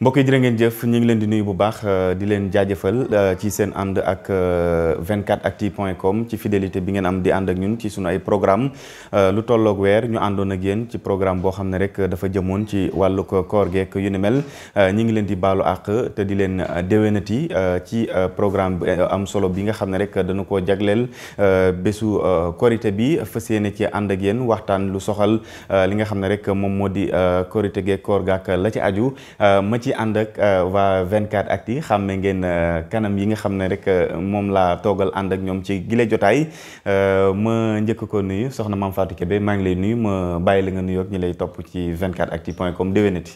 mbokk yi jërë ngeen jëf ñu ngi leen di nuyu bu baax euh, di leen jaajëfal euh, ci seen ànd ak 24actu euh, point com ci fidélité bi ngeen am di ànd ak ñun ci sunu ay programme lu tolloog weer ñu àndoon ak yéen ci programme boo xam ne rek dafa jëmoon ci wàllu koor geek yu ni mel ñu ngi leen di baalu àq te di leen déwénati ci programme bi am solo bi nga xam ne rek dana ko jagleel bésu korité bi fas yéene ci ànd ak yéen waxtaan lu soxal li nga xam ne rek moom moo di korité geek koor gaak la ci aju ci ànd ak euh, waa 24 actu yi xam ngeen euh, kanam yi nga xam ne rek euh, moom laa toogal ànd ak ñoom ci gile jotaay ma njëkk ko nuyu soxna Mame Fatou Kébé maa ngi lay nuyu ma bàyyi la nga nuyu ak ñi lay topp ci 24 actu point com déwénati.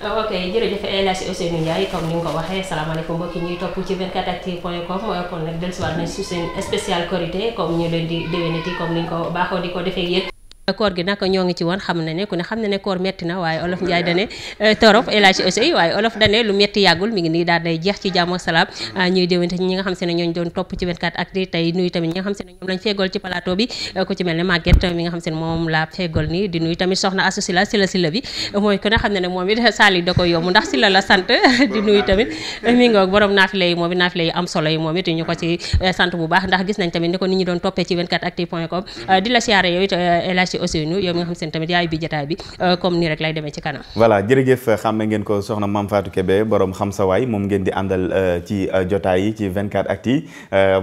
ok jërëjëf El Hadj Ousseynou Ndiaye comme ni nga ko waxee salaamaaleykum mbokki ñuy topp ci 24actu.com kon nag dellusiwaat nañ su seen spécial korité comme ñu leen di déwénati comme ni ñu ko baaxoo di ko defee koor gi nag ñoo ngi ci woon xam ne ne koor metti na waaye olof Ndiaye dane eh, torop El Hadj ci Ousseynou yow mi nga xam seen tamit yaay bi jataay bi euh, comme nii rek lay demee ci kanam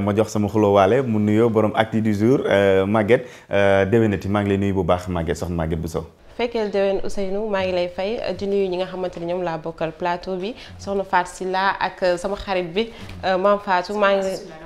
voilà mu nuyoo borom actu du jour euh, Maguette euh, déwénati maa ngi lay bu baax Maguette soxna Maguette Bousso fekkeel déwén Ousseynou maa ngi lay fay di nuyu ñi nga xamante ni ñoom laa bokkal plateau bi soxna Fatou Sylla ak sama xarit bi Mame Fatou maa ngi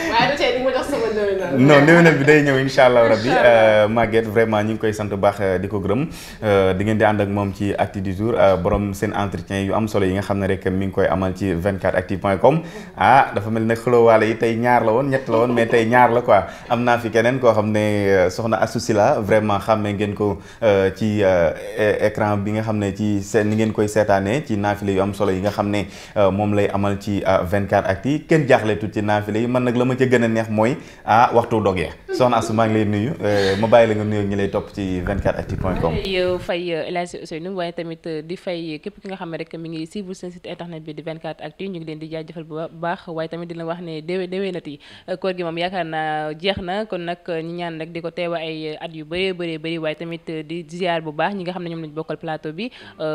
waaye tey di ma jox sama déwénal. non déwénal bi day ñëw incha allah rabbi euh, Maguette vraiment ñu ngi koy sant bu baax euh, di ko gërëm euh, di ngeen di ànd ak moom ci actu du jour borom seen entretien yu am solo yi nga xam ne rek mi ngi koy amal ci 24actu.com ah dafa mel ne xulóowaale yi tey ñaar woon ñett la woon mais tey ñaar la quoi am naa fi keneen koo xam ne soxna Astou la vraiment xàmmee ngeen ko ci écran bi nga xam ne ci seen ni ngeen koy seetaanee ci naafile yu am solo yi nga xam ne moom lay amal ci 24actu kenn jaaxle tuuti ci naafile yi man nag la ma ca gën a neex mooy ah waxtu dogee soxna Astou maa ngi lay nuyu euh, ma bàyyi nga lay topp ci 24actu point com yow euh, fay euh, El Hadj Ousseynou waaye tamit di fay képp ki nga xam ne mi ngi suivre seen site internet bi di 24 bu baax waaye tamit di la wax ne déwénat yi koor na kon nag ñu di ko teewa ay yu bëree bëree bëri waaye tamit di ziar bu baax ñi nga xam ne ñoom lañ bokkal plateau bi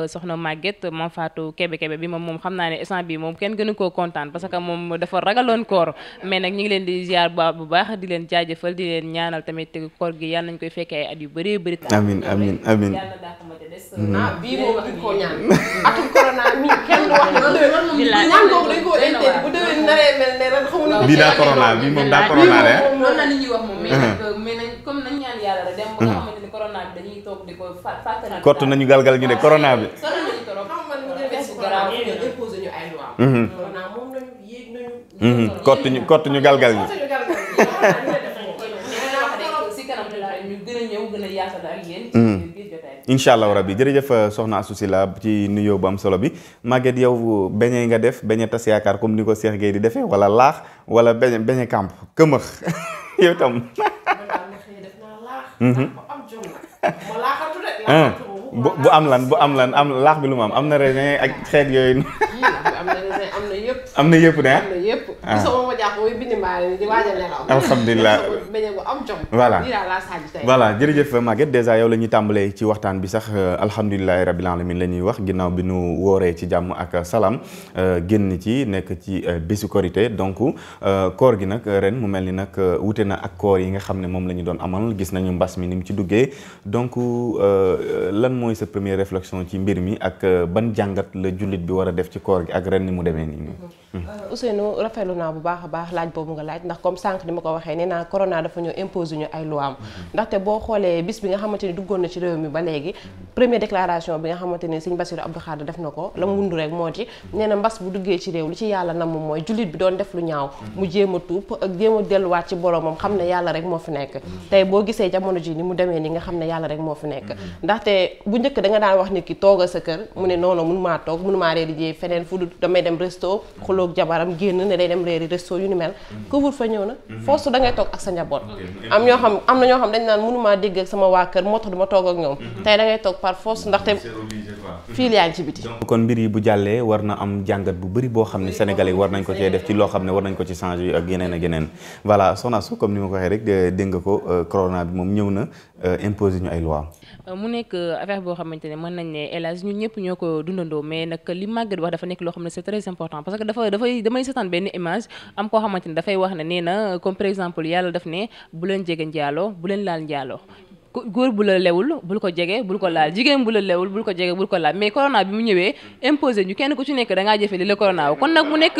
soxna Maguette moom Fatou Kébé bi moom moom xam naa ne instant bi moom kenn gënu koo kontaan parce que moom dafa ragaloon koor mais nag leen di ziar bu baax bu di leen jaajëfal di leen ñaanal tamit koor gi yàlla nañ koy fekkee ay yu bëree bëri. amiin hmm. ah, corona mi kenn moom daa corona bii moom daa corona bi nañu galgal Mm-hmm. kott ñu kott ñu galgal ñi incha allahu rabbi jërëjëf euh, soxna asusi la ci nuyoo bu am solo bi Maguette yow beñe nga def beñe tas yaakaar comme ni ko Cheikh Gueye di defee wala laax wala beñe beñe camp këmëx yow itam mm-hmm. mm. bu am lan bu am lan am laax bi lu ma am am na raisin ak xeet yooyu am na yëpp de ah am na yëpp. ah gisuma ma jàpp mooy bind mbaa yi voilà jërëjëf Maguette dèjà yow la ñuy tàmbalee ci waxtaan bi sax euh, alhamdulilah rabil alamin la ñuy wax ginnaaw bi nu wooree ci jàmm ak salaam euh, génn ci nekk ci euh, bésu korité donc koor gi nag ren mu mel ni nag wute na ak koor yi nga xam ne moom la ñu doon amal gis nañu mbas mi ni mu ci duggee donc lan mooy sa première réflexion ci mbir mi ak ban jàngat la jullit bi war a def ci koor gi ak ren ni mu demee nii. Mm-hmm. Euh, Ousseynou rafetlu naa bu baax a baax laaj boobu nga laaj ndax comme sànq ni ma ko waxee nee naa corona dafa ñëw imposé ñu ay luwaam mhm. ndaxte boo xoolee bis bi nga xamante ni duggoon na ci réew mi ba léegi mhm. première déclaration bi nga xamante ni Sëriñ Bassirou Abdou Khadre def na ko la mundu mhm. rek moo ci nee na bu duggee ci réew ci yàlla namm mooy jullit bi doon def lu ñaaw mu jéem a tuub ak jéem a xam ne yàlla rek moo fi nekk tey boo gisee jamono ji ni mu demee ni nga xam ne yàlla rek moo fi nekk ndaxte bu njëkk da daan wax nit ki toogal sa kër mu ne noonu mun maa toog mënumaa reer di feneen fu damay dem resto tàggaloog jabaram génn ne day dem reeri resto yu ni mel couvre-feu ñëw na force da ngay ak sa njaboot am ñoo xam am na ñoo xam dañ naan mënumaa dégg ak sama waa kër moo tax du ma ak ñoom mhm. tey da ngay toog par force mhm. te mhm. fii yaa ngi ci biti kon mbir yi bu jàllee war na am jàngat bu bari boo xam ne sénégal yi war nañ ko cee def ci loo xam ne war nañ ko ci changer ak yeneen a yeneen voilà soxna su comme ni ma ko waxee rek dégg nga ko euh, corona bi moom ñëw na Euh, imposé ñu ay loi euh, mu nekk euh, affaire boo xamante ne mën nañ ne hélas ñun ñëpp ñoo ko dundandoo mais nag li màggat wax dafa nekk loo xam ne c'est très important parce que dafa dafay damay seetaan benn image am koo xamante ne dafay wax ne nee na comme par exemple yàlla daf ne bu leen jege njaaloo bu leen laal njaaloo góor bu la lewul bul ko jege bul ko laal jigéen bu la lewul bul ko jege bul ko laal mais corona bi mu ñëwee imposé ñu kenn ku ci nekk da jëfe li la corona euh, euh, bu euh, la ñu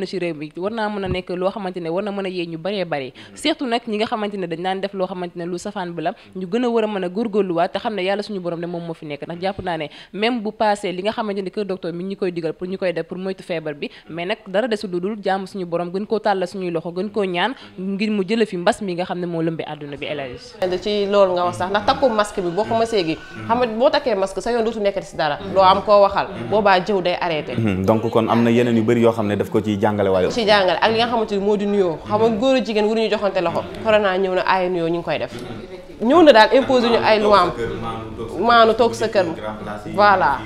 gën a na nekk loo xamante war na mën a yee ñu bëree bëri surtout nag ñi nga xamante dañ naan def loo xamante lu safaan bi la ñu gën war a mën a góorgóorluwaat te xam ne yàlla suñu borom ne moom moo fi nekk ndax jàpp naa ne même bu passé li nga xamante ne kër docteur mi ñu koy digal pour ñu koy def pour moytu feebar bi mais nag dara desul lu dul jaamu suñu borom gën koo tàllal suñuy loxo gën koo ñaan ngir mu jële fi mbas mi nga xam ne moo lëmbe àdduna bi loolu nga wax sax ndax takku masque bi boo ko mësee gi xam nga boo takkee masque sa yoon dootu nekkati si dara doo am koo waxal boobaa jëw day arrêté mhm, donc kon am na yeneen yu bëri yoo xam ne daf ko ciy jàngale waaye ci jàngale ak li nga xamante moo di nuyoo xam góor a jigéen waruñu joxante loxo corona ñëw na aaya nuyoo ñu ngi koy def ñëw na daal imposé ñu ay loi maanu toog sa kër voilà.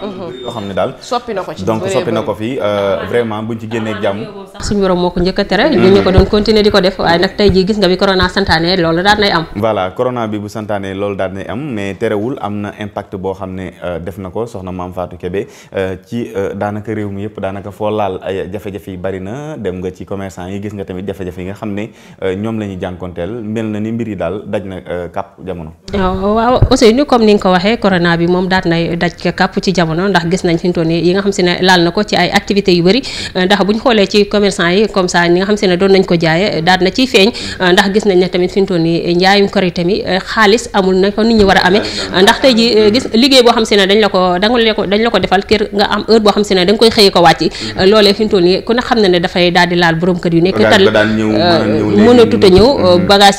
loo xam ne daal soppi na ko ci donc soppi na ko fi euh, vraiment buñ ci génneeg jàmm. sax suñu borom moo tere. ñu di ko def tey jii gis nga bi corona santaane loolu daal nay am. voilà corona bi bu santaane loolu daal nay am mais terewul am na impact boo xam ne euh, def na ko soxna maam Fatou Kébé euh, ci daanaka réew mi yëpp daanaka foo laal ay jafe-jafe yi bari na dem nga ci commerçant yi gis nga tamit jafe-jafe yi nga xam ne ñoom la ñuy jànkonteel mel na ni mbir yi daal daj na kàpp euh, jamono. Oh, waaw Ousseynou comme ni nga ko waxee corona bi moom daat nay daj kàpp ci jamono ndax gis nañ fi yi nga xam si ne laal na ko ci ay yu bëri euh, ndax bu xoolee ci commerçant yi comme ça ni nga xam si ne doon nañ ko jaaye daat na ciy feeñ euh, ndax gis nañ tamit fi mu toll nii njaayum korite xaalis amul na ko nit ñi war a amee ndax tey ji liggéey boo xam si ne dañ la ko dañ la defal kër nga am heure boo xam si ne da nga koy xëyee ko wàcc loolee fi mu toll a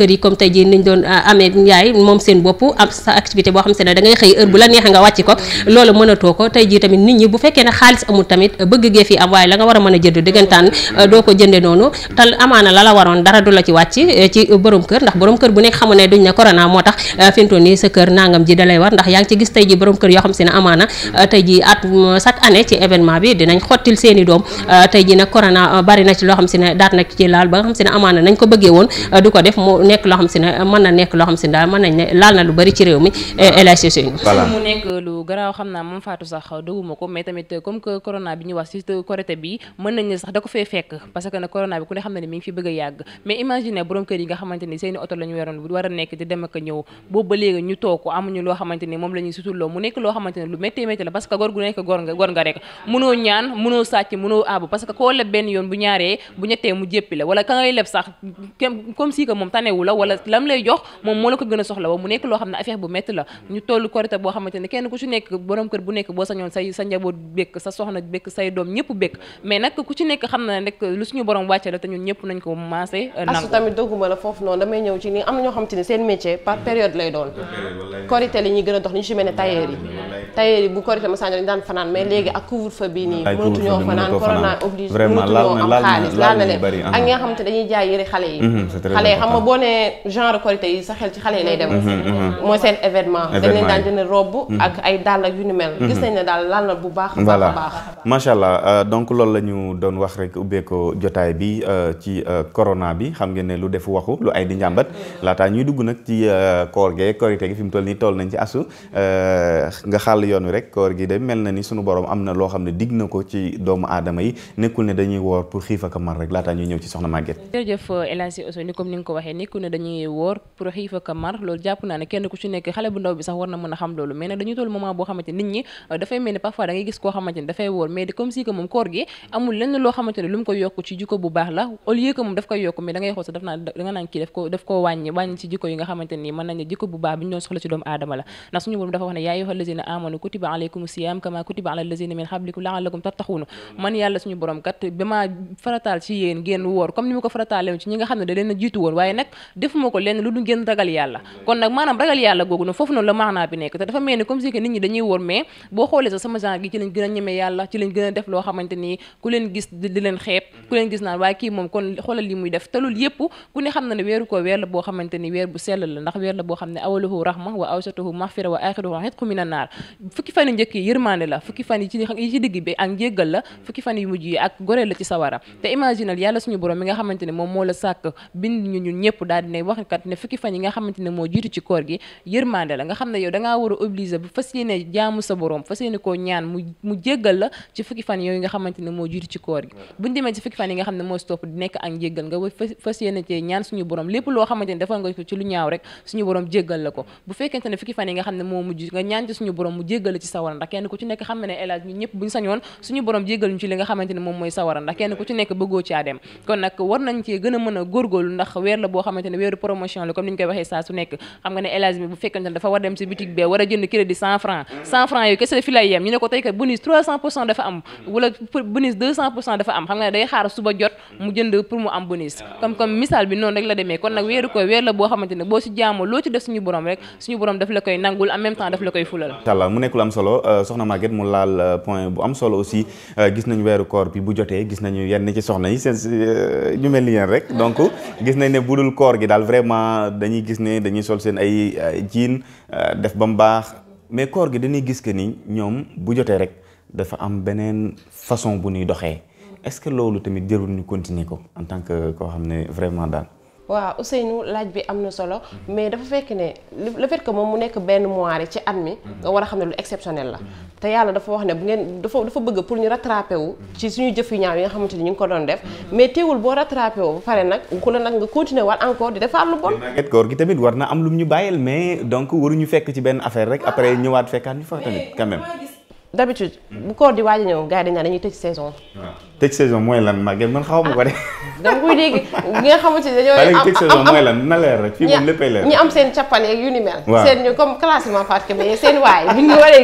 a mm-hmm. comme tey jii niñ doon euh, amee njaay moom seen bopp am sa activité boo xam se ne da euh, euh, bi dinañ xottil nag ci laal ba nga xam se ne amaana nañ ko bëggee woon du ko def mu nekk xam nekk loo xam eh, moom Fatou si Korité bi a yàgg mais nekk loo xamante moom la ñuy suturloo mu nekk loo xamante lu métti métti la parce gor gu nekk gor nga rek mënoo ñaan mënoo sàcc mënoo àbb parce koo leb benn yoon bu ñaaree bu ñettee mu jéppi la wala ka ngay leb sax comme si que moom tanewu la wala lam lay jox moom moo la ko gën a soxla wa mu nekk loo xam ne affaire bu métti la ñu toll korité boo xamante ne kenn ku ci nekk borom kër bu nekk boo sañoon say sa njaboot békk sa soxna békk say doom ñëpp la te ñun ñëpp euh, a dox ni ñu daan fanaan mais léegi ak couvre feu bi nii mënatuñoo fanaan corona obligé mënatuñoo am xaalis laal na leen ak ñi xam te dañuy jaay yëre xale yi mhm, xale yi xam nga boo nee genre korité yi sa xel ci xale yi lay dem mhm, mhm. mooy seen événement dañ mhm. ay dàll ak yu ni mel daal na bu baax voilà baax allah euh, donc loolu la ñu doon wax rek ubbee ko jotaay bi euh, ci euh, corona bi xam ngeen ne lu defu waxu lu ay di njàmbat laataa ñuy dugg nag ci koor gee korité gi fi mu toll nii toll nañ ci asu nga xal yoon wi rek koor gi de mel na ni sunu borom am na loo xam ne digg na ko ci doomu aadama yi nekkul ne dañuy woor pour xiif ak mar rek laataa ñuy ñëw ci soxna màgget dañuy woor pour xiif ak mar loolu jàpp naa ne kenn ku ci nekk xale bu ndaw bi sax war na mën a xam loolu mais nag dañuy toll moment boo xamante nit ñi euh, dafay nañ ne jiitu woon waaye nag defuma ko lenn lu du gën ragal yàlla kon nag maanaam ragal yàlla googu noonu foofu noonu la maanaa bi nekk te dafa mel comme si que nit ñi dañuy wor mais boo xoolee sax sama genre a yàlla suñu borom mi nga xamante moom moo la sàkk bind ñu ñun ñëpp daal di ne wax kat ne fukki nga xamante ne moo jiitu ci koor gi yërmande la nga xam ne yow dangaa war a obligé bu fas yi xam ne moo si topp di nekk ak njéggal nga fas yéene cee ne ko ñaan moom mooy sawara ndax kenn ku ci nekk bëggoo caa dem kon nag war nañ cee gën a mën a góorgóorlu ndax weer la boo xamante ne weeru promotion la ñu koy waxee saa su nekk xam nga ne élage bi bu fekkante ne dafa war dem si boutique bee war a jënd crédit cent franc mm-hmm. cent franc yooyu kese fi lay yem ñu ne ko tey kat bonus mm-hmm. dafa am xam nga ne day xaar suba jot mu mm-hmm. jënd pour mu am bonus comme comme misaal bi noonu rek la demee kon nag weeru koy weer la boo xamante ne boo si jaamoo loo ci def suñu borom rek suñu borom daf la koy nangul en même temps daf la koy fulal mu nekk lu vraiment dañuy gis ne dañuy sol seen ay jiin euh, def ba mu baax mais koor gi dañuy gis que ni ñoom bu jotee rek dafa am beneen façon bu nuy doxee est-ce que loolu tamit jërul ñu continuer ko en tant que koo xam ne vraiment daal waaw Ousseynou laaj bi am na solo mais dafa fekk ne le fait que moom mu nekk benn mois rek ci at mi nga war a xam ne lu exceptionnel la te yàlla dafa wax ne bu ngeen dafa dafa bëgg pour ñu rattrapé wu ci suñu jëf yu ñaaw yi nga xamante ni ñu ngi ko doon def mais teewul boo rattrapé wu ba pare nag ku la nag nga continuer waat encore di defaat lu bon koor gi tamit war na am lu ñu bàyyil mais donc ñu fekk ci benn affaire rek après ñëwaat fekkaat ñu fa tamit d'habitude bu koor di waaj a ñëw gars yi dañ dañuy tëj saison. tëj saison mooy lan Maguette man xaw ma ko de. da nga koy dégg ñi nga xamante ne dañoo. am tëj saison mooy lan na leer rek. fii moom léppay leer ñi am seen cappan yeeg yu ni mel. waaw seen ñu comme classement Fatou seen waay bi ñu waree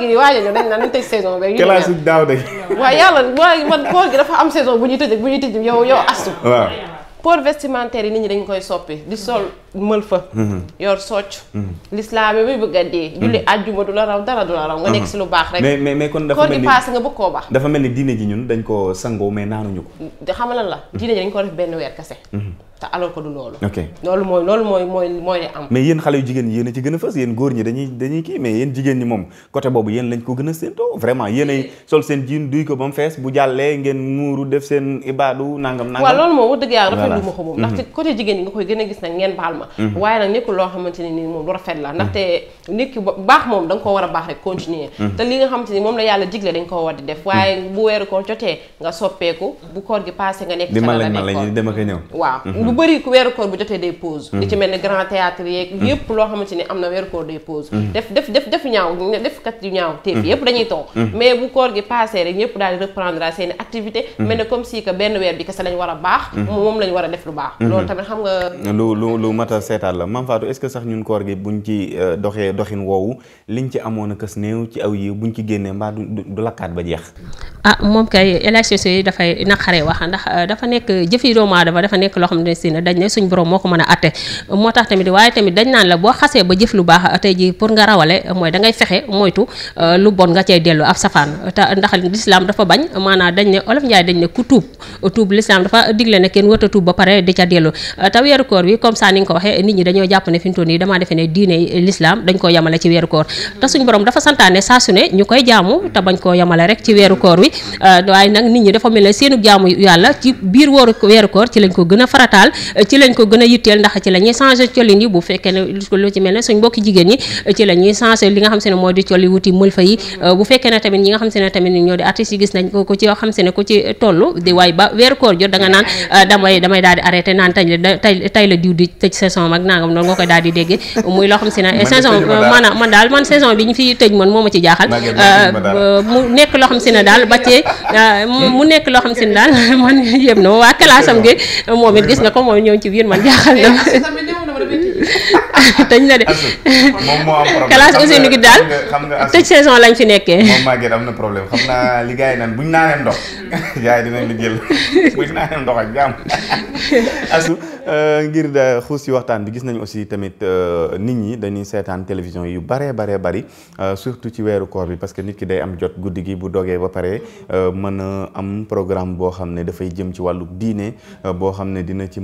gi di waaj a dañ naan dañ tëj saison beeg. yu ni classe daaw de. waaw yàlla man koor gi dafa am saison bu ñu tëj bu ñu tëj yow yow astu. port vestimentaire yi ni ñi dañ koy soppi di sol mël fa mhm. yor socc mhm. lislaam yi muy bëgg a dee mhm. julli àjjuma du la raw dara du la raw nga nekk si lu baax rek mais mais mais kon dafa mel ni passé nga bëgg koo baax dafa mel ni diine ji ñun dañ ko sangoo mais naanuñu ko xamal la diine ji dañ ko def benn weer kese te alors que du loolu. loolu mooy loolu mooy mooy mooy li am. mais yéen xale yu jigéen ñi yéen a ci gën a fës yéen góor ñi dañuy dañuy kii mais yéen jigéen ñi moom côté boobu yéen lañ ko gën a séentoo vraiment yéen ay sol seen jiin duy ko ba mu fees bu jàllee ngeen muuru def seen ibaadu nangam. nangam waaw loolu dëgg yàlla rafetlu ma ko moom. ndaxte mhm. côté jigéen ñi nga koy gën gis nag ngeen baal ma. Mhm. loo xamante ne nii moom lu rafet la ndaxte mhm. nit ki baax moom da nga war a baax rek continuer. te li nga xamante ni moom la yàlla digle dañ koo war di def waaye bu weeru koor jotee nga soppeeku bu koor gi passé nga nekk di man lañ man waaw lu bëri weeru koor bu jotee day pause li ci mel ni grand théâtre yeeg mm-hmm. yëpp loo xamante ni am na weeru koor day pause mm-hmm. def def def def ñaaw def kat yu ñaaw téef mm-hmm. yëpp mel ne comme si que benn weer bi kese lañ war a baax moom lañ war a def lu baax loolu tamit xam nga lu lu mat a seetaat la Mame Fatou est-ce sax ñun koor gi buñ ci euh, doxee doxin woowu liñ ci amoon a kës néew ci aw yi buñ ci génnee mbaa du lakkaat ba jeex ah moom kay élection yi dafay naqaree wax ndax euh, dafa nekk si ne dañ ne suñ borom moo ko mën a atte moo tax tamit waaye tamit dañ naan la boo xasee ba jëf lu baax tey ji pour nga rawale mooy da ngay fexe moytu euh, lu bon nga cay dellu ab safaan te ndax lislaam dafa bañ koo yamale rek ci weeru koor wi euh, waaye nag nit ñi dafa mel ne seenu jaamu yàlla ci biir wóoru weeru koor ci lañ ko gën a daal ci lañ ko gën a yitteel ndax ci la ñuy changé colin yi bu fekkee ne lu ci mel ne suñ mbokki jigéen ñi ci la ñuy changé li nga xam se ne moo di coli wuti mëlfa yi euh, bu fekkee ne tamit ñi nga xam se ne tamit ñoo nga naan euh, damay damay naan tay la diw di tëj saison mag nangam noonu nga koy daal di muy loo xam se ne saison man daal man saison bi ñu fi tëj man moo ma ci jaaxal euh, mu nekk loo xam se ne daal man yëpp na waa kalaasam gi moom it ko mooy ñëw ci biir man jaaxal na moom moo am problème classe aussi ñu ngi daal tëj saison lañ fi nekkee. moom màgget am na problème xam naa li gars yi naan buñ naanee ndox gars dinañ la jël buñ naanee ndox ak jàmm. asu euh, ngir da xuus ci waxtaan bi gis nañu aussi tamit euh, nit ñi dañuy seetaan télévision yu baree baree bari euh, surtout ci weeru koor bi parce que nit ki day am jot guddi gi bu dogee ba pare mën a am programme boo xam ne dafay jëm ci wàllu diine boo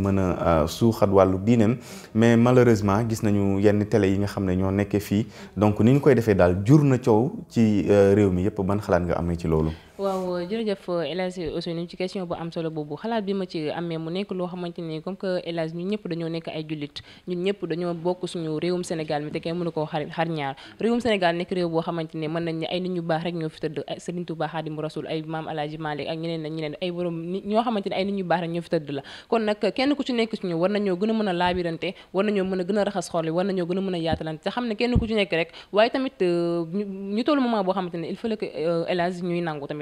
mën a euh, suuxat wàllu diineem mais malheureusement gis nañu yenn télé yi nga xam ne ñoo nekkee fii donc ni ñu koy defee daal jur na coow ci euh, réew mi yëpp ban xalaat nga amee ci loolu waaw jërëjëf El Hadj Ousseynou ci question bu am solo boobu xalaat bi ma ci amee mu nekk loo xamante ni comme que El Hadj ñun dañoo nekk ay jullit ñun ñëpp dañoo bokk suñu réewum Sénégal mi te kenn mënu koo xar xar ñaar réewum Sénégal nekk réew boo xamante ñu baax rek ñoo fi tëdd Serigne Touba Xaadimu Rasul ay maam Alaaji Maalik ak ñeneen la kon nag kenn ku ci nekk suñu war nañoo gën a mën a laabirante war nañoo mën a gën a raxas xol war nañoo gën a mën a yaatalante te xam ne kenn ku ci nekk rek waaye tamit euh, ñu toll moment boo xamante il faut que euh, El ñuy nangu tamit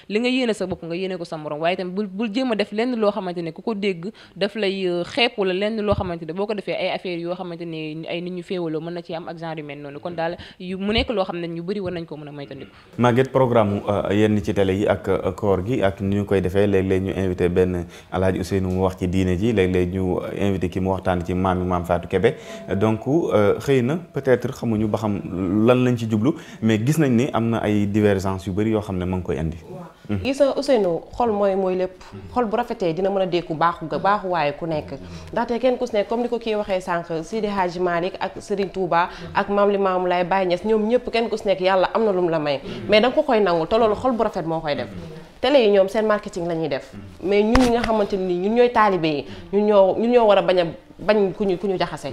li nga yéene sa bopp nga yéene ko sa morom waaye tamit bul bul jéem a def lenn loo xamante ne ku ko dégg daf lay euh, xeep wala lenn loo xamante ne boo ko defee ay affaires yoo xamante ni nit ñu féewaloo mën na ci am ak genre yu mel kon daal yu mu loo xam ne ñu bëri war nañ ko mën a moytandiku Maguette programme euh, yenn ci télé yi ak euh, koor gi ak ni ñu koy defee léeg-léeg ñu invité benn alaaji Ousseynou mu wax ci diine ji léeg-léeg ñu invité ki mu waxtaan ci maam maam Fatou Kébé donc xëy na peut-être xamuñu ba xam lan lañ ci jublu mais gis nañ ni am na ay divergence yu bari yoo xam ne ma ngi koy indi Issa Ousseynou xol mooy mooy lépp xol bu rafetee dina mën a dékku baaxu baaxu waaye ku nekk ndaxte kenn ku si nekk comme ni ko kii waxee sànq Sidi Hadji Malick ak Serigne Touba ak Maam Limaamu Laay Baye Niass ñoom ñëpp kenn ku si nekk yàlla am na lu mu la may mais da ko koy nangul te loolu xol bu rafet moo koy def télé yi ñoom seen marketing la ñuy def mais ñun ñi nga xamante ni ñun ñooy taalibe yi ñun ñoo ñun ñoo war a bañ a bañ ku ñu ku ñu jaxase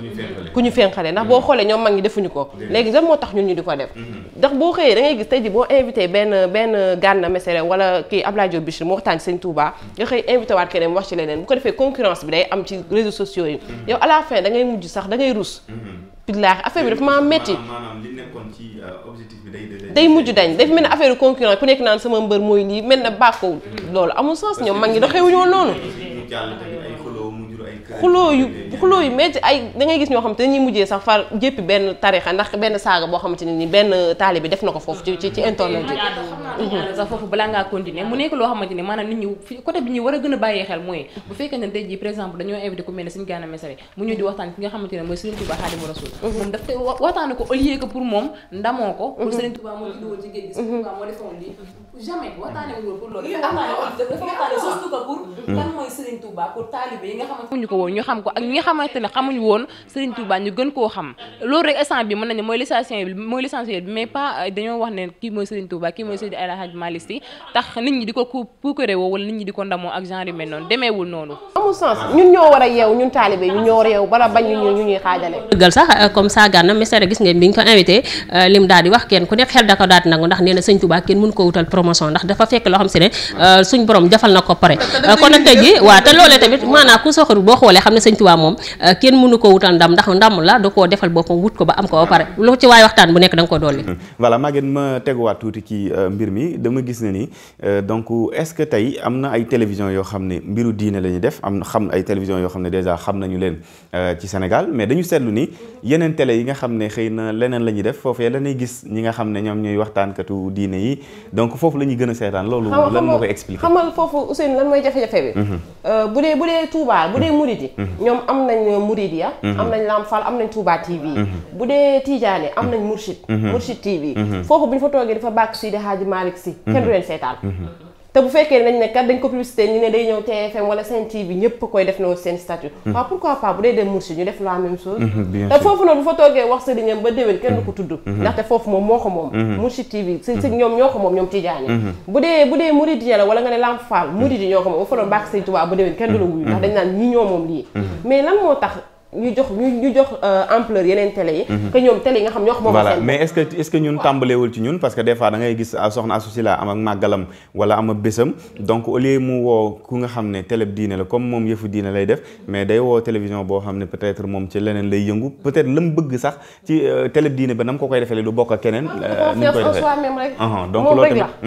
ku ñu fénqale ndax boo xoolee ñoom mag ñi defuñu ko léegi lan moo tax ñun ñu di ko def mm-hmm. ndax boo xëyee da ngay gis tey ji boo invité benn benn Gana Messere wala kii Abdoulaye Diop Bichri mu waxtaan ci Sëñ Touba nga xëy invité waat keneen wax ci leneen bu ko defee concurrence bi day am ci réseaux sociaux yi mm-hmm. yow à la fin da mujj sax da ngay rus mm-hmm. billaahi affaire bi dafa maa metti day mujj dañ daf mel ne affaire concurrent ku nekk naan sama mbër mooy lii mel na bàkkoo mm-hmm. loolu amul sens ñoom mag ñi doxewuñu woon noonu xuloo yu xuloo yu métti ay da gis ñoo xam te dañuy mujjee sax far jéppi benn tarixa ndax benn saaga boo xamante ne benn taali def na ko foofu ci ci ci internet bi mhm. sax balaa ngaa continuer mu nekk loo xamante maanaam nit ñi côté bi ñu war a gën a bàyyi xel mooy bu fekkee ne tey jii par exemple dañoo invité ku mel ne suñu gaana mesare mu ñëw di waxtaan ki nga xamante mooy Serigne Touba Khadimou Rassoul mhm. moom daf xamuñu ko nit ñi di ko ku puukare woo wala nit ñi di ko ndamoo ak genre mel noonu demeewul noonu ñun ñoo war a yeew ñun taalibe ñu ñoo war a yeew bala bañ ñu ñuy xaajale dëggal sax euh, comme ça gis ngeen bi ñu ko invité euh, lim daal di wax kenn ku nekk xel da ko daal nangu ndax nee na Serigne Touba kenn mënu ko wutal promotion ndax dafa fekk loo xam si ne euh, suñ borom jafal na ko pare kon nag tey ji waaw te loolee tamit maanaam ku soxaru boo xoolee xam ne sëñ Tuubaa moom euh, kenn mënu ko wutal ndam ndax ndam la da koo defal boppam wut ko ba am ko ba pare ah. lu ci waay ko mm-hmm. euh, mi dama gis na ni euh, donc est-ce que tey am na ay télévision yoo xam ne mbiru diine la ñuy def am na xam ay télévision yoo ne déjà xam nañu leen ci Sénégal mais dañu seetlu ni yeneen télé yi nga xam ne xëy na leneen la ñuy def foofee dañuy gis ñi nga xam ne ñoom ñooy diine yi donc foofu la ñuy gën a seetaan loolu lan moo koy expliquer xamal foofu Ousseynou mm-hmm. bu dee bu murid yi mhm. ñoom am nañ euh, Mouridia mhm. am nañ Lamp Fall am nañ Touba TV mhm. bu dee Tidiane am nañ Mourchid Mourchid TV foofu bu ñu fa toogee dafa bàkk Sidi Hadji Malick si kenn du leen seetaan te bu fekkee nañ ne kat dañ ko publicité ñu ne day ñëw TFM wala Sen TV ñëpp koy def na seen statut waaw hmm. ah, pourquoi pas bu dee dem Mourchid ñu def la même hmm, te foofu noonu bu fa toogee wax sëriñam ba déwén kenn hmm. ko tudd ndaxte foofu moom moo ko moom Mourchid TV si ñoom ñoo ko moom ñoom Tidiane bu dee bu dee Mouride la wala nga ne Lamp Fall Mouride ñoo ko moom bu fa doon baax Sëriñ Tuubaa ba déwén kenn du la wuyu ndax dañ naan ñi mais lan moo tax ñu jox ñu jox euh, ampleur yeneen télé yi. Mhm. que ñoom télé yi nga xam ñoo xam moom voilà mais est-ce que est-ce que ah, mu woo ku nga xam ne télé diine la comme moom yëfu diine lay def mais day woo télévision boo xam ne peut-être moom ci leneen lay yëngu peut-être la mu bëgg sax ci euh, télé diine koy defee du bokk ak keneen. Euh, ni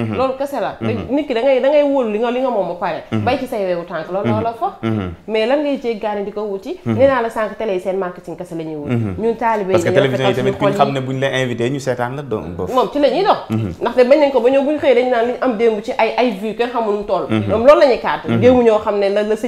mhm. mhm. ngay da ngay di ko wuti nee naa la sànq que télé yi seen marketing kese la ñuy wut mhm. ñun taalibe parce que télévision ñu la invité ñu seetaan la doon boof moom ci la ñuy dox mhm. ndaxte bañ nañ ko ba ñëw ñoom mhm.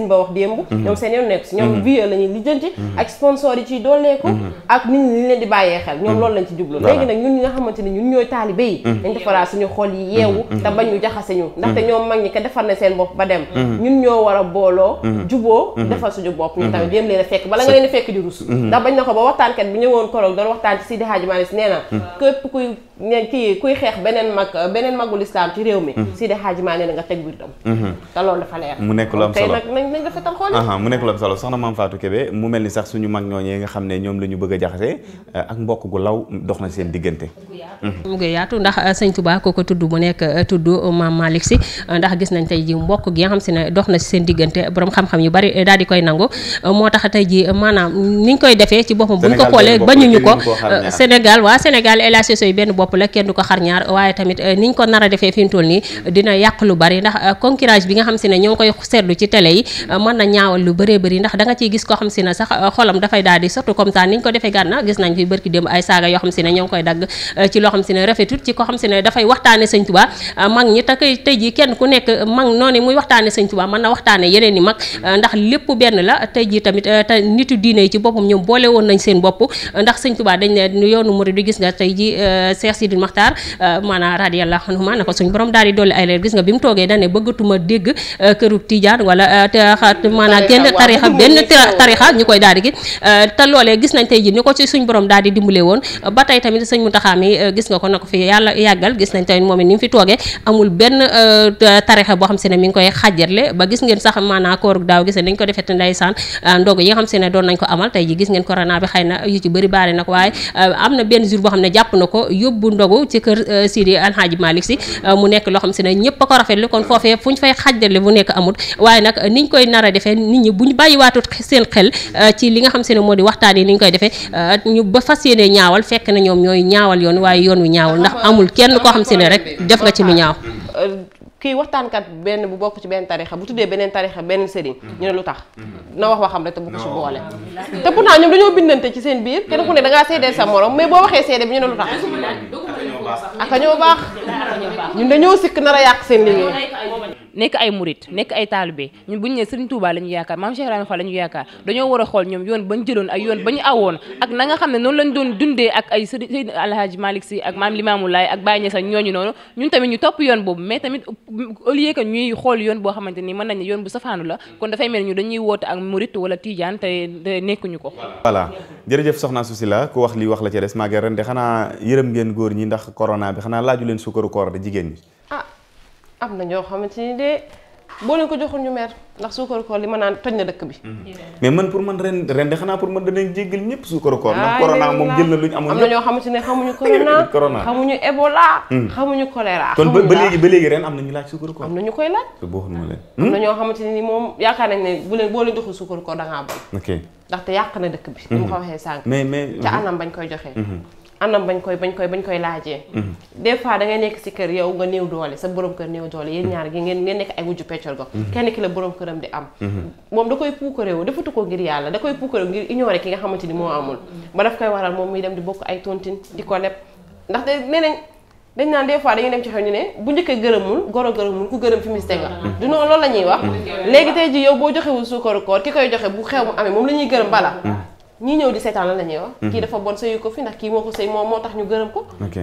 ba wax démb ñoom seen yoon nekk si ñoom vue la ñuy lijjanti ak sponsor yi ciy dooleeku ak nit ñi leen di bàyyee xel ñoom loolu lañ ci jublu léegi nag ñun ñi nga ñun ñooy taalibe yi dañ defaraat suñu xol yi yeewu te bañ ñu jaxase ñu ndaxte ñoom mag ñi ka defar na seen bopp ba dem ñun ñoo war a booloo juboo defal suñu bopp ñu tamit déem leen a fekk di rus mhm. ndax bañ na ko ba waxtaankat bi ñëwoon koroog doon waxtaan ci Sidi Hadji Malick nee na mhm. képp kuy kuy xeex beneen mag beneen magul islam ci réew mi mhm. Sidi Hadji Malick nee na nga teg wirdam te loolu dafa leer mu nekk lu solo tey nag nañ rafetal xool mu nekk lu solo soxna Mame Fatou mu mel ni sax suñu mag ñooñ ñooñee nga xam ne ñoom la ñu bëgg a jaxase eh, ak mbokk gu law dox na seen diggante mu ngi yaatu ndax eh, sañ Touba ko ko tudd bu nekk eh, tudd Mame Malick si ndax gis nañ tey ji mbokk gi xam si ne dox na si seen diggante borom xam yu bari daal di koy nangu maanaam ni ñu koy defee ci boppam bu ñu ko xoolee bañuñu ko euh, Sénégal waa Sénégal et la CCI benn bopp la kenn du ko xar ñaar waaye tamit euh, ni ñu ko nar a defee fi mu toll nii dina yàq lu bari ndax euh, concurrence bi nga xam si ne ñoo ngi koy seetlu ci télé yi mën na ñaawal lu bëree bëri ndax da nga ciy gis koo xam si ne sax xolam dafay daal di surtout comme ça ni ñu ko defee gànna gis nañ fi bërki démb ay saaga yoo xam si ne ñoo ngi koy dagg ci loo xam si ne rafetul ci koo xam si ne dafay waxtaane sëñ Tuubaa mag ñi te koy tey jii kenn ku nekk mag noonu muy waxtaane sëñ Tuubaa mën na waxtaane yeneen i mag ndax lépp benn la tey jii tamit te nitu diine diine yi ci boppam ñoom boole woon nañ seen bopp ndax sëñ Tuubaa dañ ne yoonu murid du gis nga tey ji euh, Cheikh Sidil Maxtaar euh, maanaam radiyallahu anhuma na ko di dolli ay euh, kenn tarixa benn tarixa ñu koy daal di ki te loolee gis nañ tey ji ni ko suñ borom daal di dimbale woon ba tey tamit sëñ Muntaxa mi gis nga ko na ko fi yàlla yàggal gis nañ tamit moom it ni mu fi toogee amul benn tarixa boo xam se ne mu ngi koy xàjjatle ba gis ngeen sax maanaam koorug daaw gis nañ ko defee te ndeysaan ndogu yi xam se ne doon nañ ko ko amal tey ji gis ngeen korona bi xay na yu ci bëri baari na ko waaye euh, am na benn jour boo xam ne jàpp na ko yóbbu ndogu ci kër euh, Sidi Alhaaji Malick si euh, mu nekk loo xam si ne ñëpp a ko rafetlu kon foofee fu ñu fay xajjale bu nekk amul waaye nag niñ koy nar defee nit ñi bu ñu bàyyiwaatut seen xel ci li nga xam si ne moo di waxtaan yi ni ñu koy defee ñu ba fas yéene ñaawal fekk na ñoom ñooy ñaawal yoon waaye yoon wi ñaawul ndax amul kenn koo xam si ne rek def nga ci lu ñaaw kii waxtaankat benn bu bokk ci benn tarixa bu tuddee beneen tarixa benn sëriñ ñu ne lu tax na wax waxam rek te bu ko ci boole te pourtant ñoom dañoo bindante ci seen biir kenn ku ne da ngaa sa morom mais boo waxee seede bi ñu ne lu tax ak ñoo baax ñun dañoo sikk nar a yàq seen liggéey nekk ay murit nekk ay taalibe ñun bu ñu nee Serigne Touba la ñu yaakaar maam Cheikh Ibrahima Fall ñu yaakaar dañoo war a xool ñoom yoon bañ jëloon ak yoon ba ñu awoon ak na xam ne noonu lañ doon dundee ak ay Serigne Alhaji Malick Sy ak maam Limamou Laye ak Baye Niass ñooñu noonu ñun tamit ñu topp yoon boobu mais tamit au lieu que ñuy xool yoon boo xamante ni mën nañ yoon bu safaanu la kon dafay mel ñu dañuy woote ak murit wala tijaan te nekkuñu ko voilà jërëjëf soxna Soucy la ku lii wax la ci des maagee ren de xanaa ngeen góor ñi ndax corona bi xanaa laaju leen sukkaru koor de jigéen ñi am na ñoo xamante ni de boo leen ko joxul ñu mer ndax suukaru koor li ma naan toj na dëkk bi. Mm-hmm. mais man pour man ren ren de xanaa pour man danañ jéggal ñëpp suukaru koor. ndax ne xamuñu corona xamuñu Ebola. Mm. xamuñu ba ba léegi na ñu laaj suukaru koor. na ñu koy laaj. te boo ne leen. am na hmm? ñoo xamante ne ni yàq na dëkk bi. ni ma hmm. ko waxee sànq. mais hmm. anam bañ koy joxee anam bañ koy bañ koy bañ koy laajee. Mhm. des fois da ngay nekk si kër yow nga néew doole sa borom kër new doole yéen mhm. ñaar gi ngeen ngeen nekk ay wujju peccor go mhm. kenn ki la borom këram di am. moom da koy puukareewu defatu ko ngir yàlla da koy puukareewu ngir ignorer ki nga xamante ni moo amul. ba daf koy waral moom muy dem di bokk ay tontin di ko leb ndax de nee dañ naan des fois dañuy dem ci xew ñu ne bu njëkkee gërëmul goro gërëmul ku gërëm fi mu teg nga du noonu loolu la ñuy wax léegi tey ji yow boo joxewul suukaru koor ki koy joxe bu xew mu amee moom la ñuy gërëm bala ñi ñëw di seetaan la ñuy wax. Mhm. kii dafa bon sëyu ko fi ndax kii moo ko sëy moo moo tax ñu gërëm ko. ok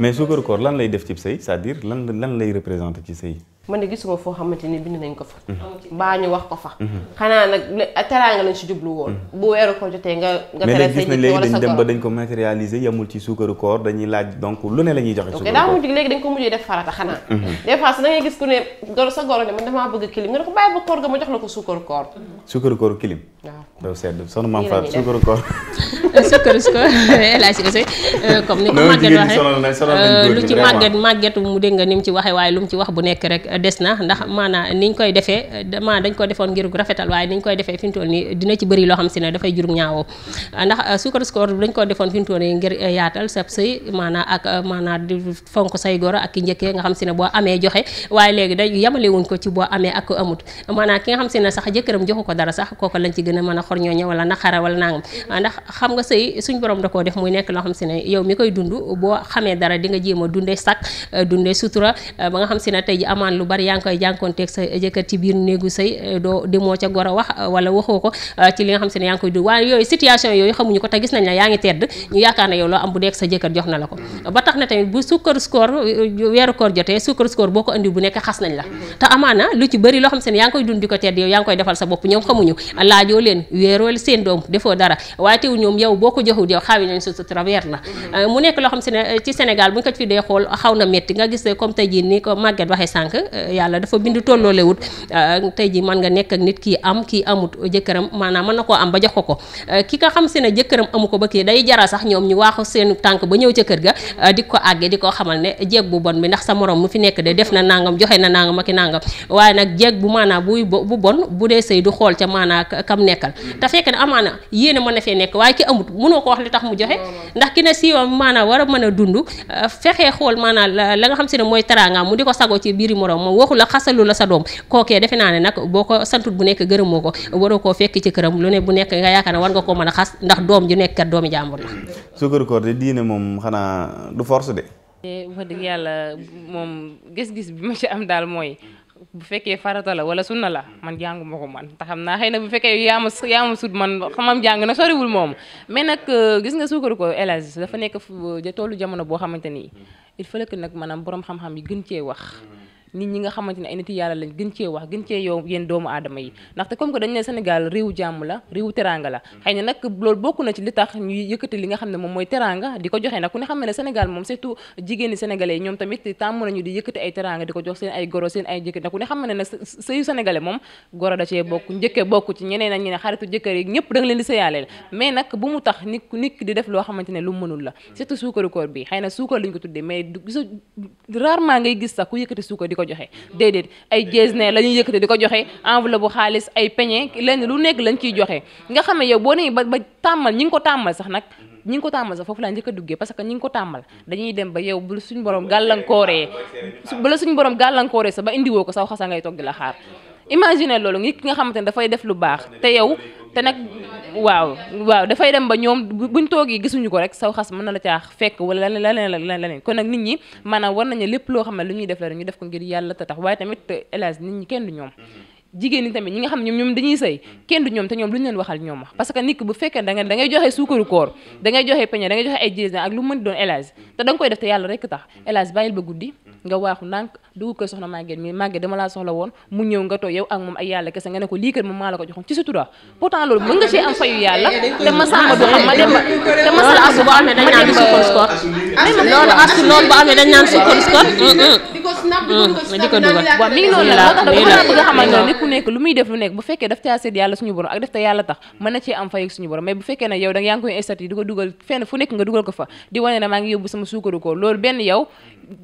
mais suukaru koor lan lay def ci sëy c'est-à-dire lan lan lay représenté ci sëy. man de gisuma foo xamante ni bind ko fa. Mhm. baa ñu wax ko fa. Mhm. xanaa nag teraanga lañ si jublu woon. bu weeru ko jotee nga nga tere dañ dem ba dañ ko matérialiser yemul ci suukaru koor dañuy laaj donc lu ne la ñuy joxe. suukaru koor ok daa mujj léegi dañ def farata xanaa. des fois da ngay gis ku ne goro sa goro ne man damaa bëgg kilim nga ne ko bàyyi ba koor ga ma jox la ko suukaru koor. suukaru koor kilim waaw sedd soxna maam Fatou suukaru koor. suukaru koor El Hadj Ousseh comme ni ko màgget waxee lu ci màgget màggetu mu dégg nga ni mu ci waxee waaye lu mu ci wax bu nekk rek des na ndax maanaam niñ koy defee maa dañ ko defoon ngir rafetal waaye niñ koy defee fi mu toll nii dina ci bëri loo xam si ne dafay jur ñaawoo ndax euh, suukaru koor dañ ko defoon fi mu toll nii ngir euh, yaatal sab sëy maanaam ak euh, maanaam di fonk say goro ak ki njëkkee nga xam si ne boo amee joxe waaye léegi day yamalewuñ ko ci boo amee ak ko amut maanaam ki nga xam si ne sax jëkkëram joxu ko dara sax kooku lañ ci gën gën a mën a xor ñooñu wala naqara wala nangam ah, ndax xam nga sëy suñ borom da koo def muy nekk loo xam si ne a euh, euh, ba nga xam si ne tey ji amaan lu bari yaa ngi koy jànkoonteeg sa jëkkër ci biir néegu sëy euh, doo demoo ca gor a wax wala waxoo ko ci li nga xam si tedd ñu yaakaar ne yow loo am bu dee sa jëkkër jox na la ko ba tax na tamit bu sukkar score weeru koor jotee sukkar score boo ko andi bu nekk xas nañ la te amaana lu ci bëri loo xam si ne yaa ngi koy dund di ko tedd yaa ngi koy defal sa bopp ñoom xamuñu laajoo leen weeroo seen doom defoo dara waaye teew ñoom yow boo ko joxul yow xaawi nañ sa sutura weer la mm-hmm. mu nekk loo xam si ne ci Sénégal bu ñu ko fi dee xool xaw na métti ni ko Maguette euh, mën kii am kii amut jëkkëram maanaam na koo am ba jox ko ko euh, ki nga xam si ne jëkkëram amu ko ba kii day jaral sax ñoom ñu waaxu seen tànk ba ñëw ca kër ga euh, di ko àggee di ko xamal ne jeeg bu bon bi ndax sa morom mu fi nekk de def na nangam joxe na nangam ak i nangam waaye nag jeeg bu maanaam buy bu bon bu dee sëy du xool ca maanaam nekkal te fekk ne amaana yéene mën na fee nekk waaye ki amut mënoo ko wax li tax mu joxe ndax ki ne siiwam maanaam war a mën a dund euh, fexee xool maanaam la nga xam si ne mooy teraangaam mu di ko sagoo ci biiri moroom moom waxu xasalu la sa doom kookee defe naa ne nag boo ko santut bu nekk gërëmoo ko waroo koo fekk ci këram lu ne bu nekk nga yaakaar ne war nga koo mën a xas ndax doom ju nekk kat doomi jàmbur la sukkur koor de diine moom xanaa du force bu fekkee farata la wala sunna la man jàngu ko man te xam naa xëy na bu fekkee yaa ma yaa ma sut man xamam jàng na soriwul moom mais nag euh, gis nga suukaru ko élage dafa nekk tollu jamono boo xamante ni il fallait nag maanaam boroom xam-xam yi gën cee wax nit ñi nga xamante ne ay nit yàlla lañ gën cee wax gën cee yow yéen doomu aadama yi ndaxte comme que dañ ne Sénégal réewu jàmm la réewu teranga la na nag loolu moom mooy teranga di ko joxe nag ku ne xam ne Sénégal moom surtout jigéeni sénégalais yi ñoom tamit tàmm nañu xaritu jëkkër yi ñëpp da leen di sëyaaleel mais nag bu mu tax nit nit di def loo xamante ne lu mënul la surtout suukaru koor bi xëy na suukar lañ ko tuddee mais rarement ngay gis sax ku yëkkati suukar di ko ko joxe déedéet ay jeesne la ñuy yëkkate di ko joxe enveloppe xaalis ay peñe lu nekk lañ ciy joxe nga xam ne yow boo nee ba ba tàmmal ñi ngi ko tàmmal sax nag ñi ngi ko tàmmal sax foofu laa njëkk a duggee parce que ñi ngi ko tàmmal dañuy dem ba yow bu suñ borom gàllankooree bu la suñ borom gàllankooree sax ba indiwoo ko saw xasa ngay toog di la xaar imagine loolu nit ki nga xamante ne dafay def lu baax te yow te nag waaw waaw dafay dem ba ñoom buñ toogee gisuñu ko rek saw xas mën na la caax fekk wala leneen la leneen kon nag nit ñi maanaam war nañu lépp loo xam lu ñuy def la ñu def ko ngir yàlla te tax waaye tamit hélas nit ñi kenn ñoom mm-hmm. jigéen tamit ñi nga xam ñoom dañuy sëy mm-hmm. kenn du ñoom te ñoom lu ñu leen waxal ñoom wax nit ki bu fekkee da joxe suukaru koor mm-hmm. da joxe peñe da joxe ay gis ak lu mën doon élage te da koy def te yàlla dugg ko soxna Maguette mi Maguette dama laa soxla woon mu ñëw nga toog yow ak moom ay yàlla kese nga ne ko lii kër moom maa la loolu mën eh, eh, eh, ma sàmm du xam ma dem te ma sàmm mm, bu mm, a xamal nekk lu muy def lu nekk bu fekkee daf caa seet yàlla suñu borom ak def yàlla tax mën na cee am fayu suñu borom mais bu fekkee ne yow da yaa ngi koy statut di ko dugal fenn fu nekk nga dugal ko fa di wane maa ngi yóbbu sama suukaru ko loolu benn yow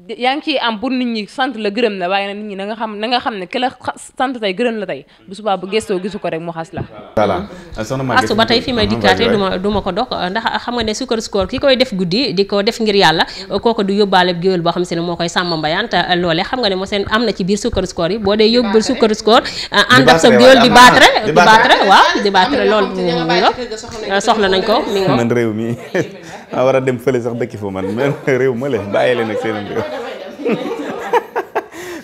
yaa am pour nit ñi sant la gërëm la waaye nag nit ñi na nga xam na nga xam ne ki la sant tey gërëm la tey bu subaa bu gëstoo gisu ko rek mu xas la voilà asu ba tey fi may dikkaate du ma ko dox ndax xam nga ne sukkar score ki koy def guddi di ko def ngir yàlla kooko du yóbbaale géwél boo xam si ne moo koy sàmm mbayaan te euh, loole xam nga ne moo seen am na ci biir sukkar score yi boo dee yóbbal sukkar score euh, ànd ak sa géwél di baatre di baatre waaw di baatre loolu soxla nañ ko mi nga man a a dem fële sax dëkki fu man réew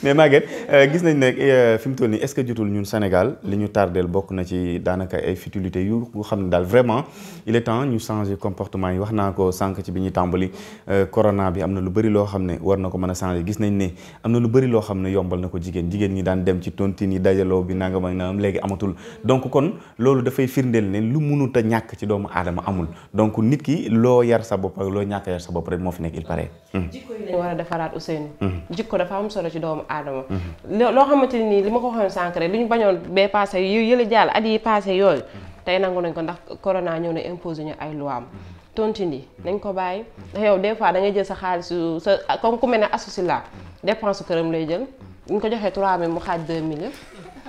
mais Maguette euh, gis nañ ne euh, fi mu toll nii est-ce ñun Sénégal li ñu tardeel bokk na ci daanaka ay futilités yu xam ne daal vraiment il est temps ñu changer comportement yi wax naa ko sànq ci bi ñuy tàmbali euh, corona bi am na lu bari loo xam ne war na ko mën a changer gis nañ ne am na lu bari loo xam ne yombal na ko jigéen jigéen ñi daan dem ci tontine yi dajaloo bi nangam ak nangam léegi amatul donc kon loolu dafay firndeel ne lu mënut a ñàkk ci doomu aadama amul donc nit ki loo yar sa bopp ak loo ñàkk a sa bopp rek moo fi nekk il aadama loo xamante nii li ma ko waxoon sànq rek li ñu bañoon bee passé yu yële jàll at yi passé yooyu tey nangu nañ ko ndax corona ñëw na imposé ñu ay loi am tontine yi ko bàyyi yow des fois jël sa xaalisu sa comme ku mel ne associé la dépense këram lay jël ñu ko joxee 3000 mu xaaj 2000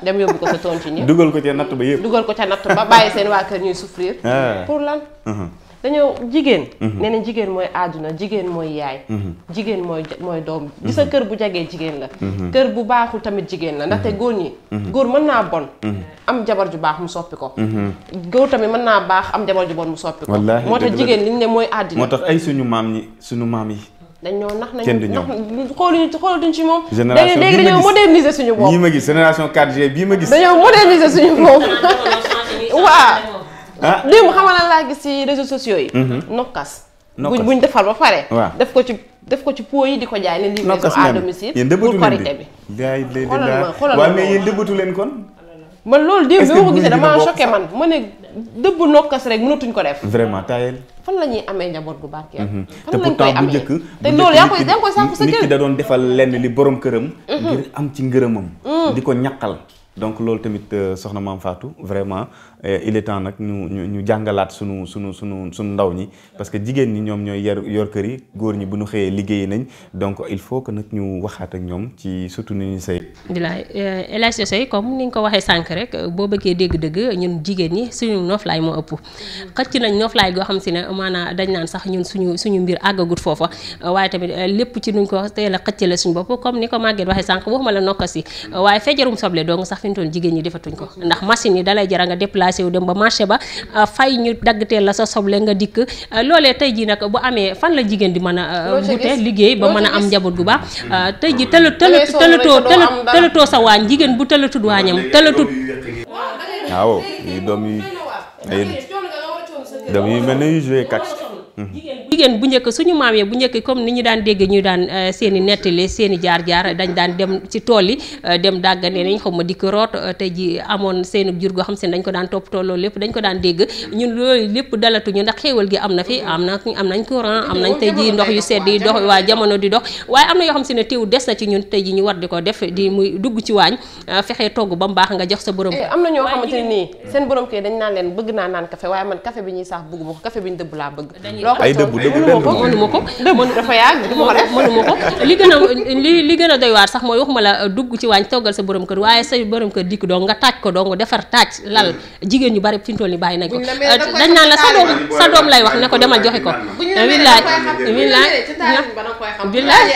dem yóbbu ko sa tontine dugal ko ca natt ba yëpp dugal ko ca natt ba bàyyi seen waa kër ñuy souffrir ah. pour lan uh-huh. dañoo jigéen mhm. nee jigéen mooy àdduna jigéen mooy yaay mhm. jigéen mooy mooy doom bi mhm. sa kër bu jagee jigéen la kër bu baaxul tamit jigéen la ndaxte góor ñi góor mën naa bon am jabar ju baax mu soppi ko góor tamit mën naa baax am jabar ju bon mu soppi ko moo tax jigéen li ne mooy àddina moo tax ay suñu maam ñi suñu maam yi dañoo nax nañu nax xooluñu xoolatuñ ci moom génération léegi dañoo moderniser suñu bopp ñii ma gis génération 4G bi ma gis dañoo moderniser suñu bopp ah démb xam nga laa gis ci réseaux sociaux yi. Mhm. nokkas buñ buñ defal ba pare. def ko ci def ko ci pot yi di ko jaay ne livraison à domicile. yéen dëbbatu leen di yaay lay waaw dëbbatu leen kon. man loolu démb bi ma ko gisee damaa choqué man ma ne dëbb nokkas rek mënatuñ ko def. vraiment taayel. fan la ñuy amee njaboot mhm. bu barkeel. fan lañ koy amee te pourtant bu njëkk. te loolu yaa koy yaa sa kër nit ki da doon defal lenn li borom këram. Mhm. ngir am ci ngërëmam. Mm. di ko ñaqal donc loolu tamit euh, soxna maam faatu vraiment Euh, il nag ñu ñu ñu jàngalaat sunu sunu sunu sunu ndaw ñi parce que jigéen ñi ñoom ñooy yor yor kër yi góor ñi bu ñu xëyee liggéey nañ donc il faut que nag ñu waxaat ak ñoom ci surtout ni ñuy sëy. bilaay El Hadj ni nga ko waxee sànq rek boo bëggee dégg-dëgg ñun jigéen ñi suñu nooflaay moo ëpp xëcc nañ nooflaay goo xam si ne maanaam dañ naan sax ñun suñu suñu mbir àggagut foofa waaye tamit euh, lépp ci nuñ ko teel a xëcc la suñu bopp comme ni ko Maguette waxee sànq waxuma la nokkas yi waaye feejarum soble dong sax fi jigéen ñi defatuñ ko ndax machine yi dalay jara nga déplacé déplacé wu dem ba marché ba euh, fay ñu daggteel la sa soble nga dikk euh, loolee tey ji nag bu amee fan la jigéen di man a euh, wute liggéey ba mën a am njaboot gu baax mm. tey ji tëla tëla tëlatoo tëlatoo sa waañ jigéen bu tëlatud waañam tëlatut waaw ñuy doom yi mel ne yu joué jigéen bu njëkk suñu maam yi bu njëkk comme ni ñu daan dégg ñu daan euh, seeni i nettali seeni jaar-jaar dañ daan dem ci tool yi euh, dem dàggane nañ xaw ma dikk root euh, tey ji amoon seen jur goo xam seen dañ ko daan toppatoo loolu lépp dañ ko daan dégg ñun lépp dalatuñu ndax xéewal gi am na fi am na am nañ courant am nañ tey ndox yu sedd yi dox waa jamono di dox waaye am na yoo xam si ne teew des na ci ñun tey ñu war di ko def di muy dugg ci waañ fexe togg ba mu baax nga jox sa borom eh, am na ñoo xamante nii seen borom kay dañ naan leen bëgg naa naan kafe waaye man café bi ñuy sax bëgg ma ko café bi ñu dëbb laa bëgg ay dëbbu dëbbu benn ko mënuma ko mënu ko mënuma ko li gën a li li sax mooy waxuma la dugg ci waañ toggal sa borom kër waaye sa borom kër dikk dong nga taaj ko dong defar taaj jigéen ñu bari fi ñu toll bàyyi nañ ko dañ naan la sa doom sa doom lay wax ne ko demal joxe ko willaay willaay willaay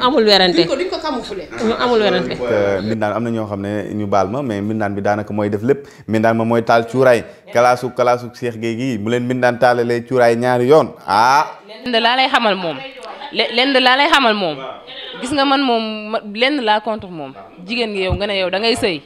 amul werante mm, amul werante mbindaan am na ñoo xam ne ñu baal ma mais mbindaan bi daanaka mooy def lépp mbindaan ma mooy taal cuuraay kalaasu kalaasu Cheikh Gueye gii mu leen min daan taalalee cuuraay ñaari yoon ah. lenn laa lay xamal moom lenn laa lay xamal moom gis nga man moom lenn laa contre moom jigéen nga yow nga ne yow da ngay sëy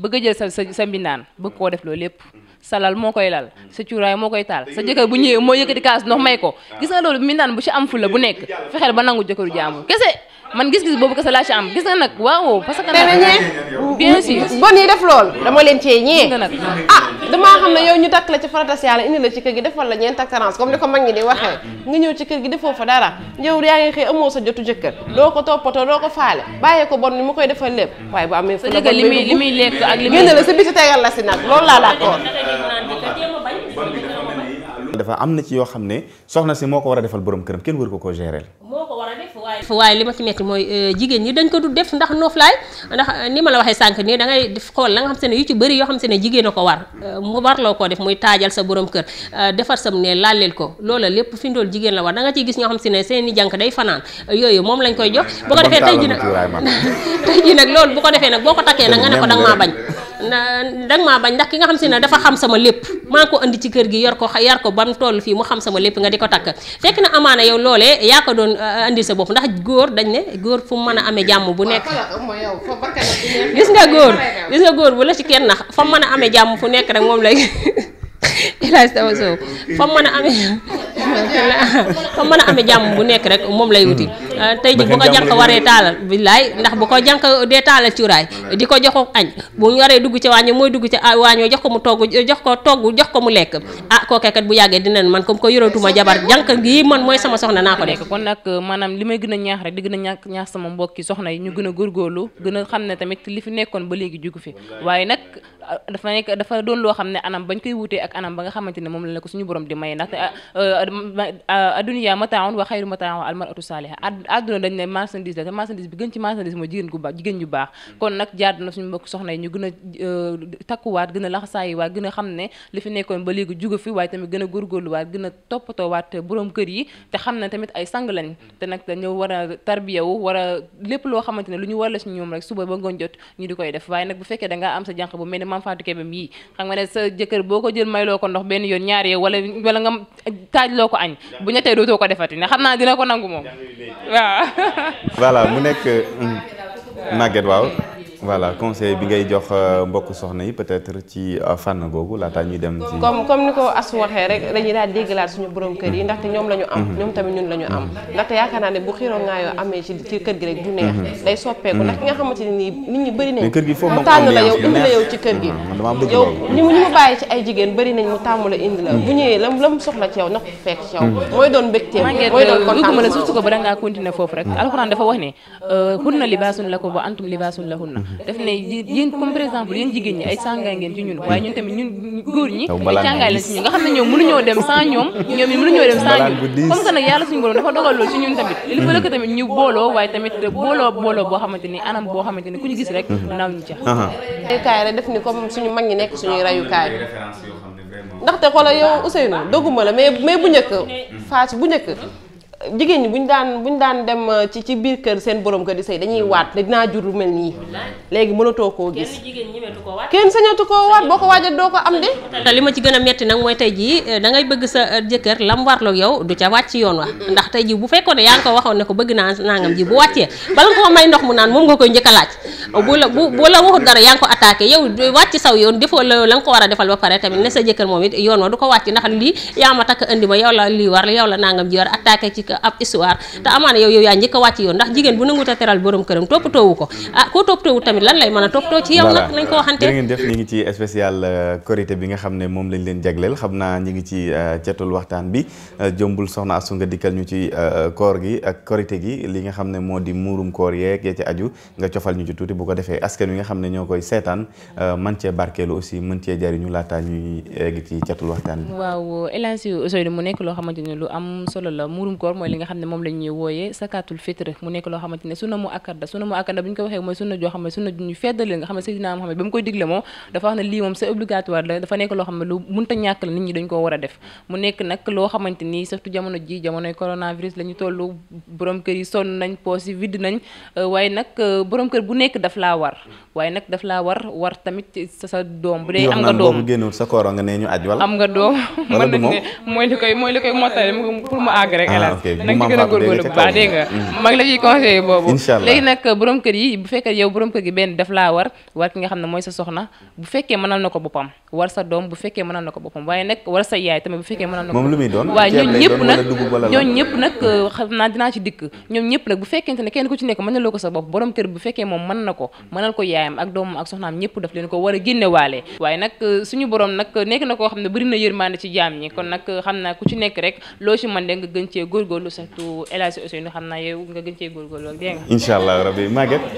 bëgg a jël sa sa sa mbindaan bëgg koo def loolu lépp sa lal moo koy lal sa cuuraay moo koy taal sa jëkkër bu ñëwee moo yëkkati kaas ndox may ko gis nga loolu mbindaan bu ci am fula bu nekk fexeel ba nangu jëkkëru jaamu kese. man gis-gis boobu kese laa ci am gis nga nag waaw parce que. nag bien sûr bon yi def lool dama leen cee ñee. ah damaa xam ne yow ñu takk la ci faratas yàlla indi la ci kër gi defal la ñeent ak trans comme ni ko mag ñi di waxee. nga ñëw ci kër gi defoo fa dara yow yaa ngi xëy amoo sa jotu jëkkër. doo ko toppatoo doo ko faale bàyyee ko bon ni mu koy defal lépp waaye bu amee. fu la bon li muy li muy lekk ak li muy génn la sa biti tegal la si nag loolu laa d'accord. dafa am na ci yoo xam ne soxna si moo ko war a defal borom këram kenn wër ko ko gérer def waaye li ma ci metti mooy euh, jigéen ñi dañ ko du def ndax nooflaay ndax euh, ni ma la waxee sànq nii da ngay xool la nga xam se ne yu ci bëri yoo xam se ne jigéen a ko war euh, mu sa borom kër defar sam ne laaleel ko loola lépp fi ndool jigéen la war da nga ciy gis ñoo xam se ne seen i jànk day fanaan yooyu moom lañ koy jox bu ko defee tey ji nag loolu bu ko defee nag boo ko takkee nag nga ne ko danga maa bañ danga maa bañ ndax ki nga xam si ne dafa xam sama lépp maa ko andi ci kër gi yor ko yar ko bam toll fii mu xam sama lépp nga di ko takk fekk góor dañ ne góor fu mu mën a amee jàmm bu nekk gis nga góor gis nga góor bu la ci kenn nax fa mën a amee jàmm fu nekk rek moom lay ilaaj tawa sow fa mën a amee fa mën a ame jàmm bu nekk rek moom lay wuti Euh, tey ji bu ko jànq waree taalal billaay ndax bu ko jànq dee taalal cuuraay di ko joxu añ bu ñu waree dugg ci waaño mooy dugg ci ah, waañoo jox ko mu togg jox ko togg jox ko mu lekk ah kookee kat bu yàggee dinañ man comme ko yoratuma jabar jànq gi man mooy sama soxna naa ko def kon nag euh, maanaam li may gën a ñaax rek di gën a ñaax ñaax sama mbokki soxna yi ñu gën a góorgóorlu gën a xam ne tamit li fi nekkoon ba léegi jugu fi waaye nag euh, dafa nekk dafa doon loo xam ne anam bañ koy wutee ak anam ba nga xamante ne moom la ko suñu borom di may ndaxte adduniya mataawun wa xayru mataawun almaratu saaliha àdduna dañ ne marchandise la te marchandise bi gën ci marchandise mooy jigéen gu baax jigéen ñu baax kon nag jaadu na suñu mbokk soxna yi ñu gën a euh, takkuwaat gën a laxasaayiwaat gën a xam ne li fi nekkoon ba léegi juga fi waaye tamit gën a góorgóorluwaat gën a toppatoowaat boroom yi mm. te xam ne tamit ay sang lañ mm. te nag dañoo war a tarbiyawu war a lépp loo xamante ne lu ñu war la si ñoom rek suba ba ngoon jot ñu di koy def waaye nag bu fekkee dangaa am sa jànq bu mel ni Mame Fatou Kébé yi xam nga ne sa jëkkër boo ko jël mayloo ko ndox benn yoon ñaari yow wala wala nga loo ko añ bu ñettee dootoo ko defati ne xam naa dina ko nangu moom voilà mu nekk hmm, Maguette waaw voilà conseil bi ngay jox euh, mbokk soxna yi peut ci euh, fànn googu laata ñuy dem. ci comme comme ni ko Asou waxee rek dañuy daal déggalaat suñu borom kër yi ndaxte ñoom la ñu am. Mhm. ñoom tamit ñun la ñu am. Mhm. ndaxte yaakaar naa bu xiiroo ngaayoo amee ci ci kër gi rek du neex. Mhm. day soppeeku ndax ki nga xamante ne nii nit ñi bëri nañ. kër gi foofu mu tànn la yow indi la gi. man damaa yow ñu mu ay jigéen bëri nañ mu tàmm la la. bu soxla ci yow na ko fekk ci yow. mooy doon mbégteem mooy doon kontaan surtout ko ba da ngaa continuer foofu rek alxuraan dafa wax ne euh, hunna libaasun lakum wa antum libaasun na daf ne yéen comme par exemple yéen jigéen ñi ay sàngaay ngeen ci ñun waaye ñun tamit ñun góor ñi nga xam ne ñoom mënuñoo dem sans ñoom ñoom it mënuñoo dem sans ñun comme que nag yàlla suñu borom dafa dogal loolu ci ñun tamit il faut que tamit ñu booloo waaye tamit booloo booloo boo xamante ni anam boo xamante ni ku ñu gis rek mhm. naaw ñu ci rayukaay rek def ni comme suñu mag ñi nekk suñuy rayukaay ndaxte xoolal yow Ousseynou dogguma la mais mais bu njëkk Fatou bu jigéen ñi bu ñu daan bu ñu daan dem euh, ci ci biir kër seen borom kër di sëy dañuy waat ne dinaa jur lu mel nii. léegi mënatoo koo gis. kenn jigéen ñemetu koo waat. kenn sañatu koo waat boo ko waajal doo ko am de. li ma ci gën a metti nag mooy tey jii euh, da ngay bëgg sa euh, jëkkër lam warloog yow du ca wàcc ci yoon wa. ndax tey jii bu fekkoon ne yaa ngi ko waxoon ne ko bëgg naa nangam ji bu wàccee bala nga ko may ndox mu naan moom nga koy njëkk a laaj bu la bu bu la waxut dara yaa ngi ko attaqué yow wàcc saw yoon defoo la la nga ko war a defal ba pare tamit ne sa jëkkër moom it yoon wa du ko wàcc ndax lii yaa ma takk indi ma la lii war ab histoire te amaana yow yaa njëkk wàcc yoon ndax jigéen bu nangu ta teral borom këram toppatoowu ko mm. ah koo toppatoowu tamit lan lay mën a toppatoo ci yow nag lañ ko euh, bi nga xam ne moom lañ leen jagleel xam naa ñi ngi ci euh, cetul waxtaan bi euh, jombul soxna asu nga dikkal ñu ci koor gi ak korité gi li nga xam ne moo di muurum koor yee ya ci aju nga cofal ñu ci tuuti bu ko defee askan wi nga xam ne ñoo koy seetaan man cee barkeelu aussi mën cee jariñu laataa ñuy egg ci cetul waxtaan bi waaw El Hadji Ousseynou mu nekk loo xamante ne lu am solo mooy li nga xam ne moom la ñuy wooyee sakaatul fitre mu nekk loo xamante ne sunna mu mu akkarda bu ñu ko waxee ne mu koy digle moom dafa wax ne moom c'est obligatoire la dafa nekk loo xam ne lu munta a jamono ji jamonoy coronavirus la ñu toll kër yi sonn nañ poos yi vide nañ euh, waaye nag euh, borom kër bu nekk daf laa war waaye nag daf laa war tamit sa sa doom bu dee am nga doom génnul sa koor nga ne ñu aj wala am nga doom mën mooy li koy mooy li koy mottale pour mu àgg rek ah, danañ ci a góorgóorlu bu baax mm-hmm. nag nag euh, naa ci dikk ñoom ñëpp nag bu fekkente ne kenn ku ci nekk mën na loo ko sa bopp borom kër bu fekkee moom mën na ko mënal ko yaayam ak doomam ak soxnaam ñëpp daf leen ko war a génne waale waaye nag euh, suñu borom nag nekk na koo xam ne bëri na yërmande ci jaam ñi kon nag euh, xam naa ku ci nekk rek loo ci mën de nga gën cee góorgóorlu góorgóorlu surtout El Hadj Ousseynou xam naa yow nga gën cee góorgóorlu dégg nga. incha allah rabi Maguette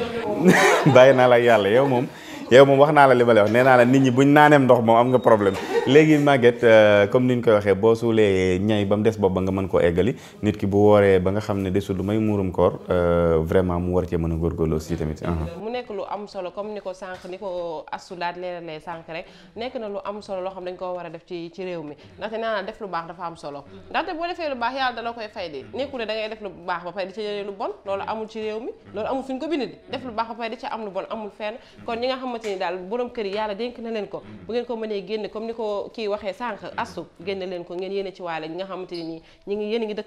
bàyyi naa la yàlla yow moom. yow moom wax naa la li ma lay wax nee naa la nit ñi buñ naaneem ndox moom am nga problème léegi Maguette euh, comme ni ñu koy waxee boo suulee ñay ba mu des bopp ba nga mën koo eggali nit ki bu wooree ba nga xam ne desul lu may muurum koor euh, vraiment mu war cee mën a góorgóorlu aussi tamit. Uh-huh. nekk lu am solo comme ni ko sànq ni ko asulaat leeralee sànq rek nekk na lu am solo loo xam dañ koo war a def ci ci réew mi ndaxte nee naa def lu baax dafa am solo ndaxte boo defee lu baax yàlla dala koy fay da ngay def lu baax ba fay di ci jëlee lu bon loolu xamante ni daal borom kër yi yàlla dénk na leen ko mm-hmm. bu ngeen ko mënee génne comme ni ko kii waxee sànq mm-hmm. astu génne leen ko ngeen yéene ci waale uh, mm-hmm. la ko uh, uh, a nga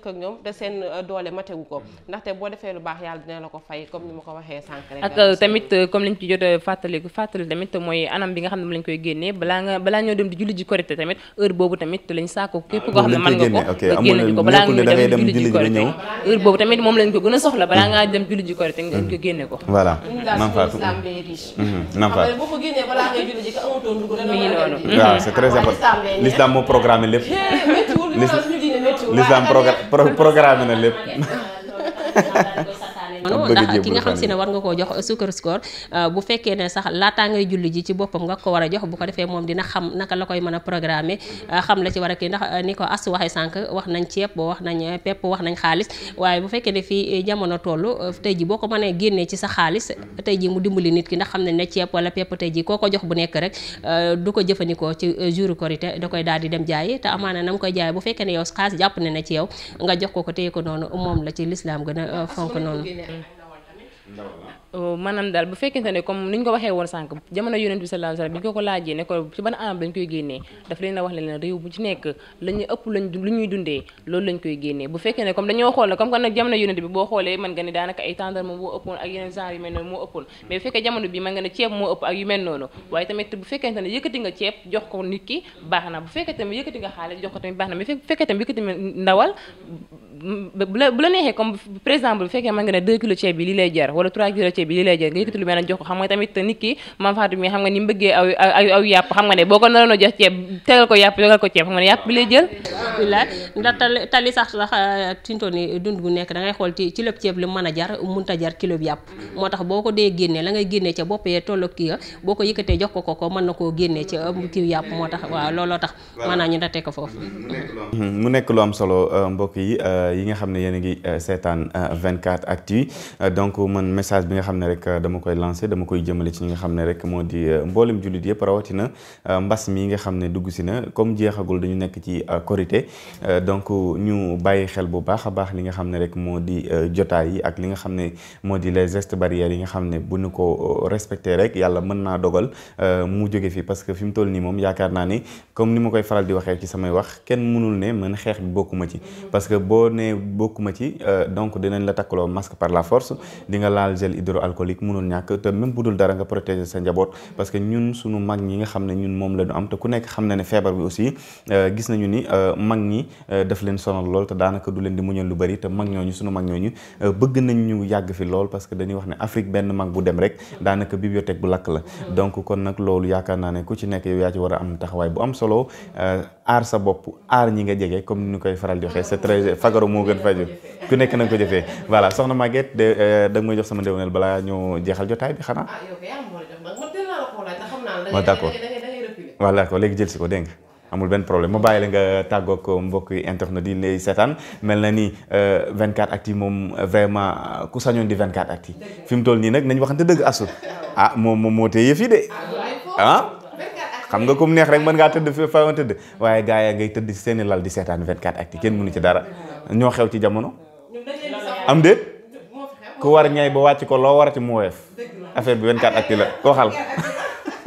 xam ne lañ koy génnee balaa nga dem julli ji korité nga a soxla balaa génne ko voilà naam waaw boo ko l'islam moo programmé lépp. noonu ndax ki nga xam si ne war nga koo jox sukkar score euh, bu fekkee ne sax laataa ngay julli ji ci boppam nga ko war a jox bu ko defee moom dina xam a programmer euh, xam a kii ndax euh, ni ko as waxee sànq wax nañ ceeb boo wax nañ pepp wax nañ xaalis waaye bu ne fii jamono toll tey ji boo ko mënee génnee ci sa xaalis tey ji mu dimbali nit ki ndax xam nañ ne ceeb wala pepp tey ji koo ko jox bu nekk rek du ko jëfandikoo ci jour korité da koy daal di dem jaayi te amaana na koy jaay bu fekkee ne yow xaalis jàpp ne na ci nga jox ko ko téye ko noonu moom la ci lislaam gën a fonk noonu ndaw la Euh, maanaam daal bu fekkente ne comme ni ko waxee woon sànq jamono yonent bi sallallahu alayhi ne ko ci ban anam lañ koy génnee daf leen a wax ne leen réew bu ci nekk la ëpp lu ñuy dundee loolu lañ koy génnee bu fekkee ne comme dañoo xool ne comme que nag jamono ceeb moo ëpp ak yu mel noonu waaye tamit bu fekkente ne yëkkati nga ceeb jox ko nit baax na bu fekkee tamit yëkkati nga xaalis jox ko tamit baax na mais bu fekkee tamit bu fekkee mën nga ne 2 kilos ceeb bi lii lay jar wala 3 kilos métier bi li lay jël nga yëkkati lu mel ne jox ko xam nga tamit nit ki maam Fatou mi xam nga ni mu bëggee aw aw yàpp xam nga ne boo ko naroon a jox ceeb tegal ko yàpp tegal ko ceeb xam nga ne yàpp bi lay jël bilaay ndax tali tali sax sax tintoni euh, dund gu nekk da ngay xool ci ci lépp ceeb li mën a jar munta jar kilo bi yàpp moo tax boo ko dee génnee la ngay génnee ca bopp yee tollo kii a boo ko yëkkatee jox ko ko ko mën na koo génnee ci um, kii yàpp moo tax waaw looloo tax maanaam ñu nattee ko foofu mu nekk lu am solo mhm, euh, mbokk yi euh, yi nga xam ne yéen a ngi seetaan 24 actu donc man message bi nga xam ne rek euh, dama koy lancé dama koy jëmale ci ñi nga xam ne rek moo di euh, mboolem jullit yëpp rawatina euh, mbas mi nga xam ne dugg si na comme jeexagul dañu nekk ci korité donc ñu bàyyi xel bu baax a baax li nga xam ne rek moo di jotaay yi ak li nga xam ne moo di les gestes barrières yi nga xam ne bu ñu ko respecté rek yàlla mën naa dogal mu jóge fi parce que fi mu toll nii moom yaakaar naa ne comme ni ma koy faral di waxee ci samay wax kenn mënul ne man xeex bi bokkuma ci parce que boo nee bokkuma ci donc dinañ la takkaloo masque par la force verre alcoolique mënul ñàkk te même bu dul dara nga protéger sa njaboot parce que ñun suñu mag ñi nga xam ne ñun moom la am te ku nekk xam na ne feebar bi aussi euh, gis nañu ni euh, mag ñi euh, daf leen sonal lool te daanaka du leen di muñal lu bari te mag ñooñu suñu mag ñooñu bëgg nañ ñu yàgg fi lool parce que dañuy wax ne Afrique benn mag bu dem rek daanaka bibliothèque bu lakk la donc kon nag loolu yaakaar naa ne ku ci nekk yow yaa ci war a am taxawaay bu am solo ñi nga jege comme ni ñu koy faral di waxee c'est très fagaru moo gën faju balaa ñu jeexal jotaay bi xanaa. ah d'accord voilà ko léegi jël si ko dégg nga amul benn problème ma bàyyi la nga tàggoog mbokk internet yi lay seetaan mel na ni 24 euh, actu moom vraiment ku sañoon di 24 actu fi mu toll nii nag nañ waxante dëgg asu ah moom moo tee yëf de ah, ah? xam nga comme neex rek mën ngaa tëdd fa fa tëdd waaye gars yaa ngay tëdd ci seeni lal di seetaan 24 actu kenn mënu ci dara ah. ñoo xew ci jamono am déet ku war ñay ba wàcc ko loo war a ci mu weef affaire bi 24 actu la waxal.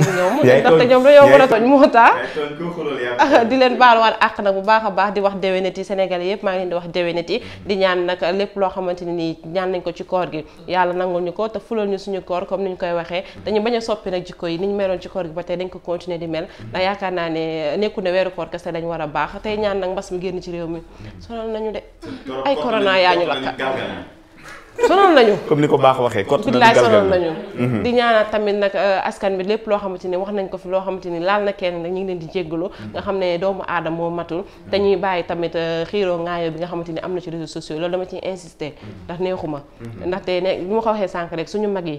ak ñoom ndaxte ñoom dañoo mën a tooñ moo tax di leen baaluwaat àq nag bu baax a baax di wax déwénati Sénégalais yépp maa ngi leen di wax déwénati di ñaan nag lépp loo xamante ne nii ñaan nañ ko ci koor gi yàlla nangul ñu ko te fulal ñu suñu koor comme ni ñu koy waxee dañu bañ a soppi nag ko yi ni ñu meloon ci koor gi ba tey dañ ko continuer di mel ndax yaakaar naa ne nekku ne weeru koor kese dañ war a baax tey ñaan nag mbas mi génn ci réew mi sonal nañu de ay corona yaa ñu lakka sonal nañu comme ni ko baax waxee kot billaay sonal nañu mhm. di ñaanal tamit nag euh, askan bi lépp loo xamante ni wax nañ ko fi loo xamante ni laal na kenn nag ñu ngi leen di jéggalu mhm. nga xam ne doomu aadama moo matul mhm. te ñuy bàyyi tamit euh, xiiro ngaayoo bi nga xamante ni am na ci réseaux sociaux loolu dama ciy insister ndax neexuma ndaxte ne li ma ko waxee sànq rek suñu mag yi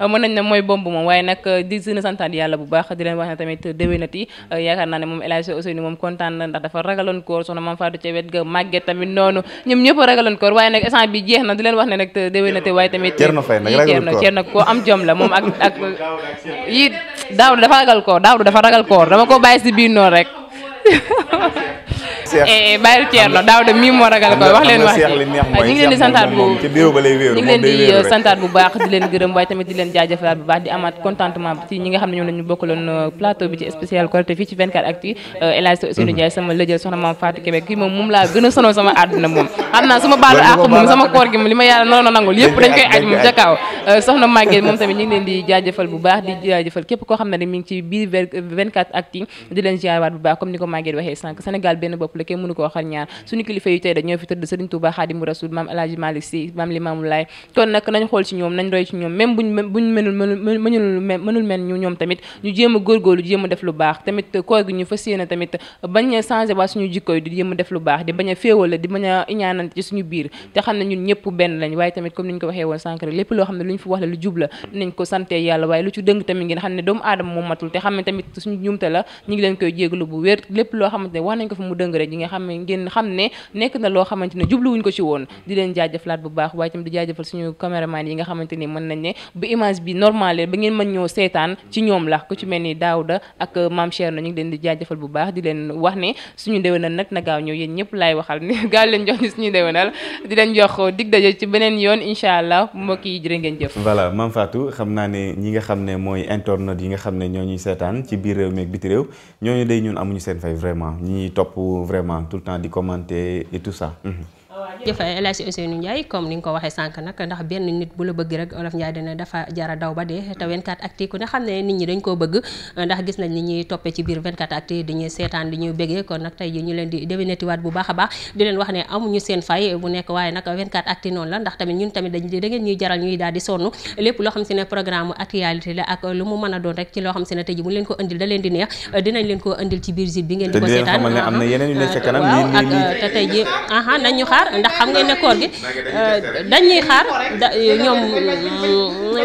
Euh, mën nañ ne mooy bomb moom waaye nag euh, di sina santaat yàlla bu baax di leen wax ne tamit déwénati euh, yaakaar naa ne moom El Hadj Ousseynou moom kontaan na ndax dafa ragaloon koor soxna Mame Fatou ca wet ga na di leen wax ne nag déwénati waaye tamit Thierno Faye nag Thierno koo am jom la moom ak ak yi daaw dafa ragal koor daaw dafa ragal koor dama ko bàyyi si biir noonu rek Eh, eh, Baye Thierno Daouda mii moo ragal koy wax leen wax eh, ñu ngi leen di santaat bu ñu ngi bu baax di leen gërëm waaye tamit di leen jaajëfalaat bu baax di amaat contentement ci ñi nga xam ne ñoom la ñu bokkaloon euh, plateau bi ci spécial Korité fii ci 24 actu euh, El Hadj Ousseynou mm-hmm. Ndiaye euh, leen di jaajëfal bu baax di ne mi ngi ci biir 24 actu di leen ziarwaat bu baax comme ni ko Maguette waxee sànq Sénégal benn benn bopp la kenn mënu koo xar suñu kilifa yu tey dañoo fi tëdd Serigne Touba Xaadimu Rasul maam El Hadji Malick Sy maam Limaamu Laay kon nag tamit ñu a a a a a ni ñu ko waxee woon sànq lépp loo xam ne lu ñu fi wax la lu jub la dinañ ko sante yàlla waaye lu ci dëng tamit ngeen xam ne doomu aadama moo matul te xam ne tamit suñu jumte la ñu ngi leen koy jégalu bu wér lépp loo xamante wax nañ ko fi mu dëng rek ñi nga xam ne ngeen xam ne nekk na loo xamante ne jubluwuñ ko ci di leen jaajëfalaat bu baax waaye tamit di jaajëfal suñu caméraman yi nga xamante ni mën nañ ne bu image bi ba ngeen mën la ku ci mel ni Daouda ak Mame Cherno na gaaw ñëw yéen ñëpp laay waxal ni gaaw jox ni suñu déwénal ci beneen yoon incha allah mbokk yi jërë ngeen jëf voilà Mame Fatou xam naa ne ñi nga xam ne mooy internautes yi nga xam ne ñoo ñuy seetaan ci biir réew meeg biti réew ñooñu day ñun amuñu seen fay vraiment ñi topp vraiment tout le temps di commenter et tout ça. Mm-hmm. jërëjëf El Hadj Ousseynou Ndiaye comme ni nga ko waxee sànq nag ndax benn nit bu la bëgg rek olof Ndiaye dina dafa jara daw ba dee te 24 actu ku ne xam ne nit ñi dañ koo bëgg ndax gis nañ ni ñuy toppee ci biir 24 actu di ñuy seetaan di ñuy bëggee kon nag tey a baax seen fay bu nekk waaye nag la ndax tamit ñun da ngeen ñuy jaral ñuy daal di sonn lépp loo lu mu mën a doon rek ci loo xam si ne tey ji leen ko indil da di neex dinañ leen ko indil ci biir bi ngeen di ko seetaan na yeneen yu nekk ca kanam waaw ak te tey ji aha nañu xaar xaar ndax xam ngeen ne koor gi euh, dañuy xaar ñoom euh,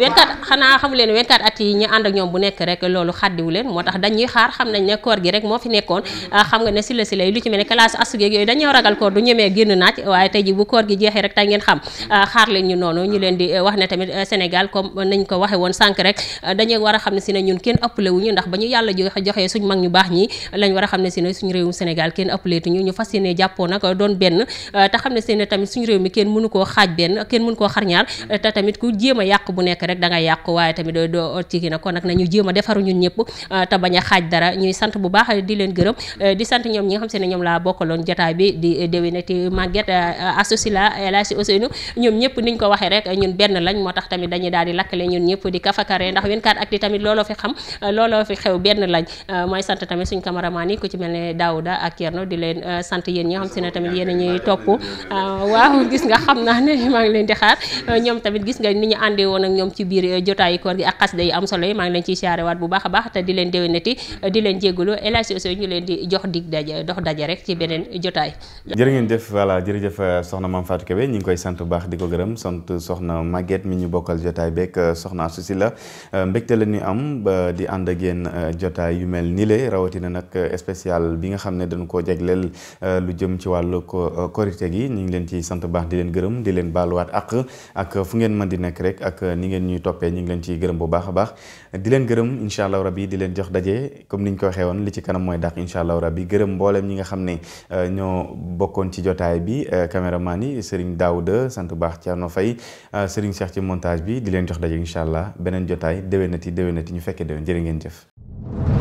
vingt-quatre xanaa xamu leen vingt-quatre at yi ñu ànd ak ñoom bu nekk rek loolu xaddiwu leen moo tax dañuy xaar xam nañ ne koor gi rek moo fi nekkoon euh, xam nga ne si la si lay lu ci mel ne classe asugeeg yooyu dañoo ragal koor du ñemee génn naaj waaye tey ji bu koor gi jeexee rek tey ngeen xam xaar leen ñu noonu ñu leen di wax ne tamit Sénégal comme nañ ko waxe woon sànq rek dañuy war a xam ne si ne ñun kenn ëppale wuñu ndax ba ñu yàlla joxe suñ mag ñu baax ñi lañ war a xam si ne suñu réewum Sénégal kenn ëppaleetuñu benn euh, te xam ne seen tamit suñu réew mi kenn mënu koo xaaj benn kenn mënu koo xar ñaar mm. te tamit ku jéem a yàq bu nekk rek da nga yàq waaye tamit doo doo ci gi na kon nag nañu jéem a defaru ñun ñëpp euh, te a euh, ñoom ñi nga xam ko waxee rek ñun benn lañ mooy sant tamit suñ cameraman yi ku ci mel ne Daouda ak Kerno di leen sant yéen ñi nga xam se tamit yéen ñuy topp ah, waaw naa ne maa ngi leen di xaar ñoom tamit gis nga ni ñu àndee woon ak ñoom ci biir eh, jotaayu koor gi ak xasida am solo maa ngi leen ciy siyaarewaat a baax te di leen leen jégalu El Hadj Ousseynou di jox dig daje dox rek ci beneen jotaay jërë ngeen jëf voilà jërëjëf eh, soxna Mame Fatou Kébé ñu ngi koy sant bu baax di ko gërëm sant soxna magget mi ñu bokkal jotaay beeg eh, soxna Souci la mbégte la ñu am ba di ànd ak yéen jotaay yu mel nii le rawatina nag spécial bi nga xam ne dañ koo jagleel lu jëm ci wàllu Euh, korite gi ñu ngi leen ci sant baax di leen gërëm di leen baaluwaat ak ak fu ngeen man di nekk rek ak ni ngeen ñuy toppee ñu ngi leen ciy gërëm bu baax a baax di leen gërëm incha allah rabi di leen jox daje comme ni ñu ko waxee woon li ci kanam mooy dàq incha allah rabi gërëm mboolem ñi nga xam ne euh, ñoo bokkoon ci jotaay bi euh, caméraman yi Serigne Daouda sant baax ci Thierno fay Serigne seex ci montage bi di leen jox daje incha allah beneen jotaay déwénati déwénati ñu fekkee déwén jërë ngeen jëf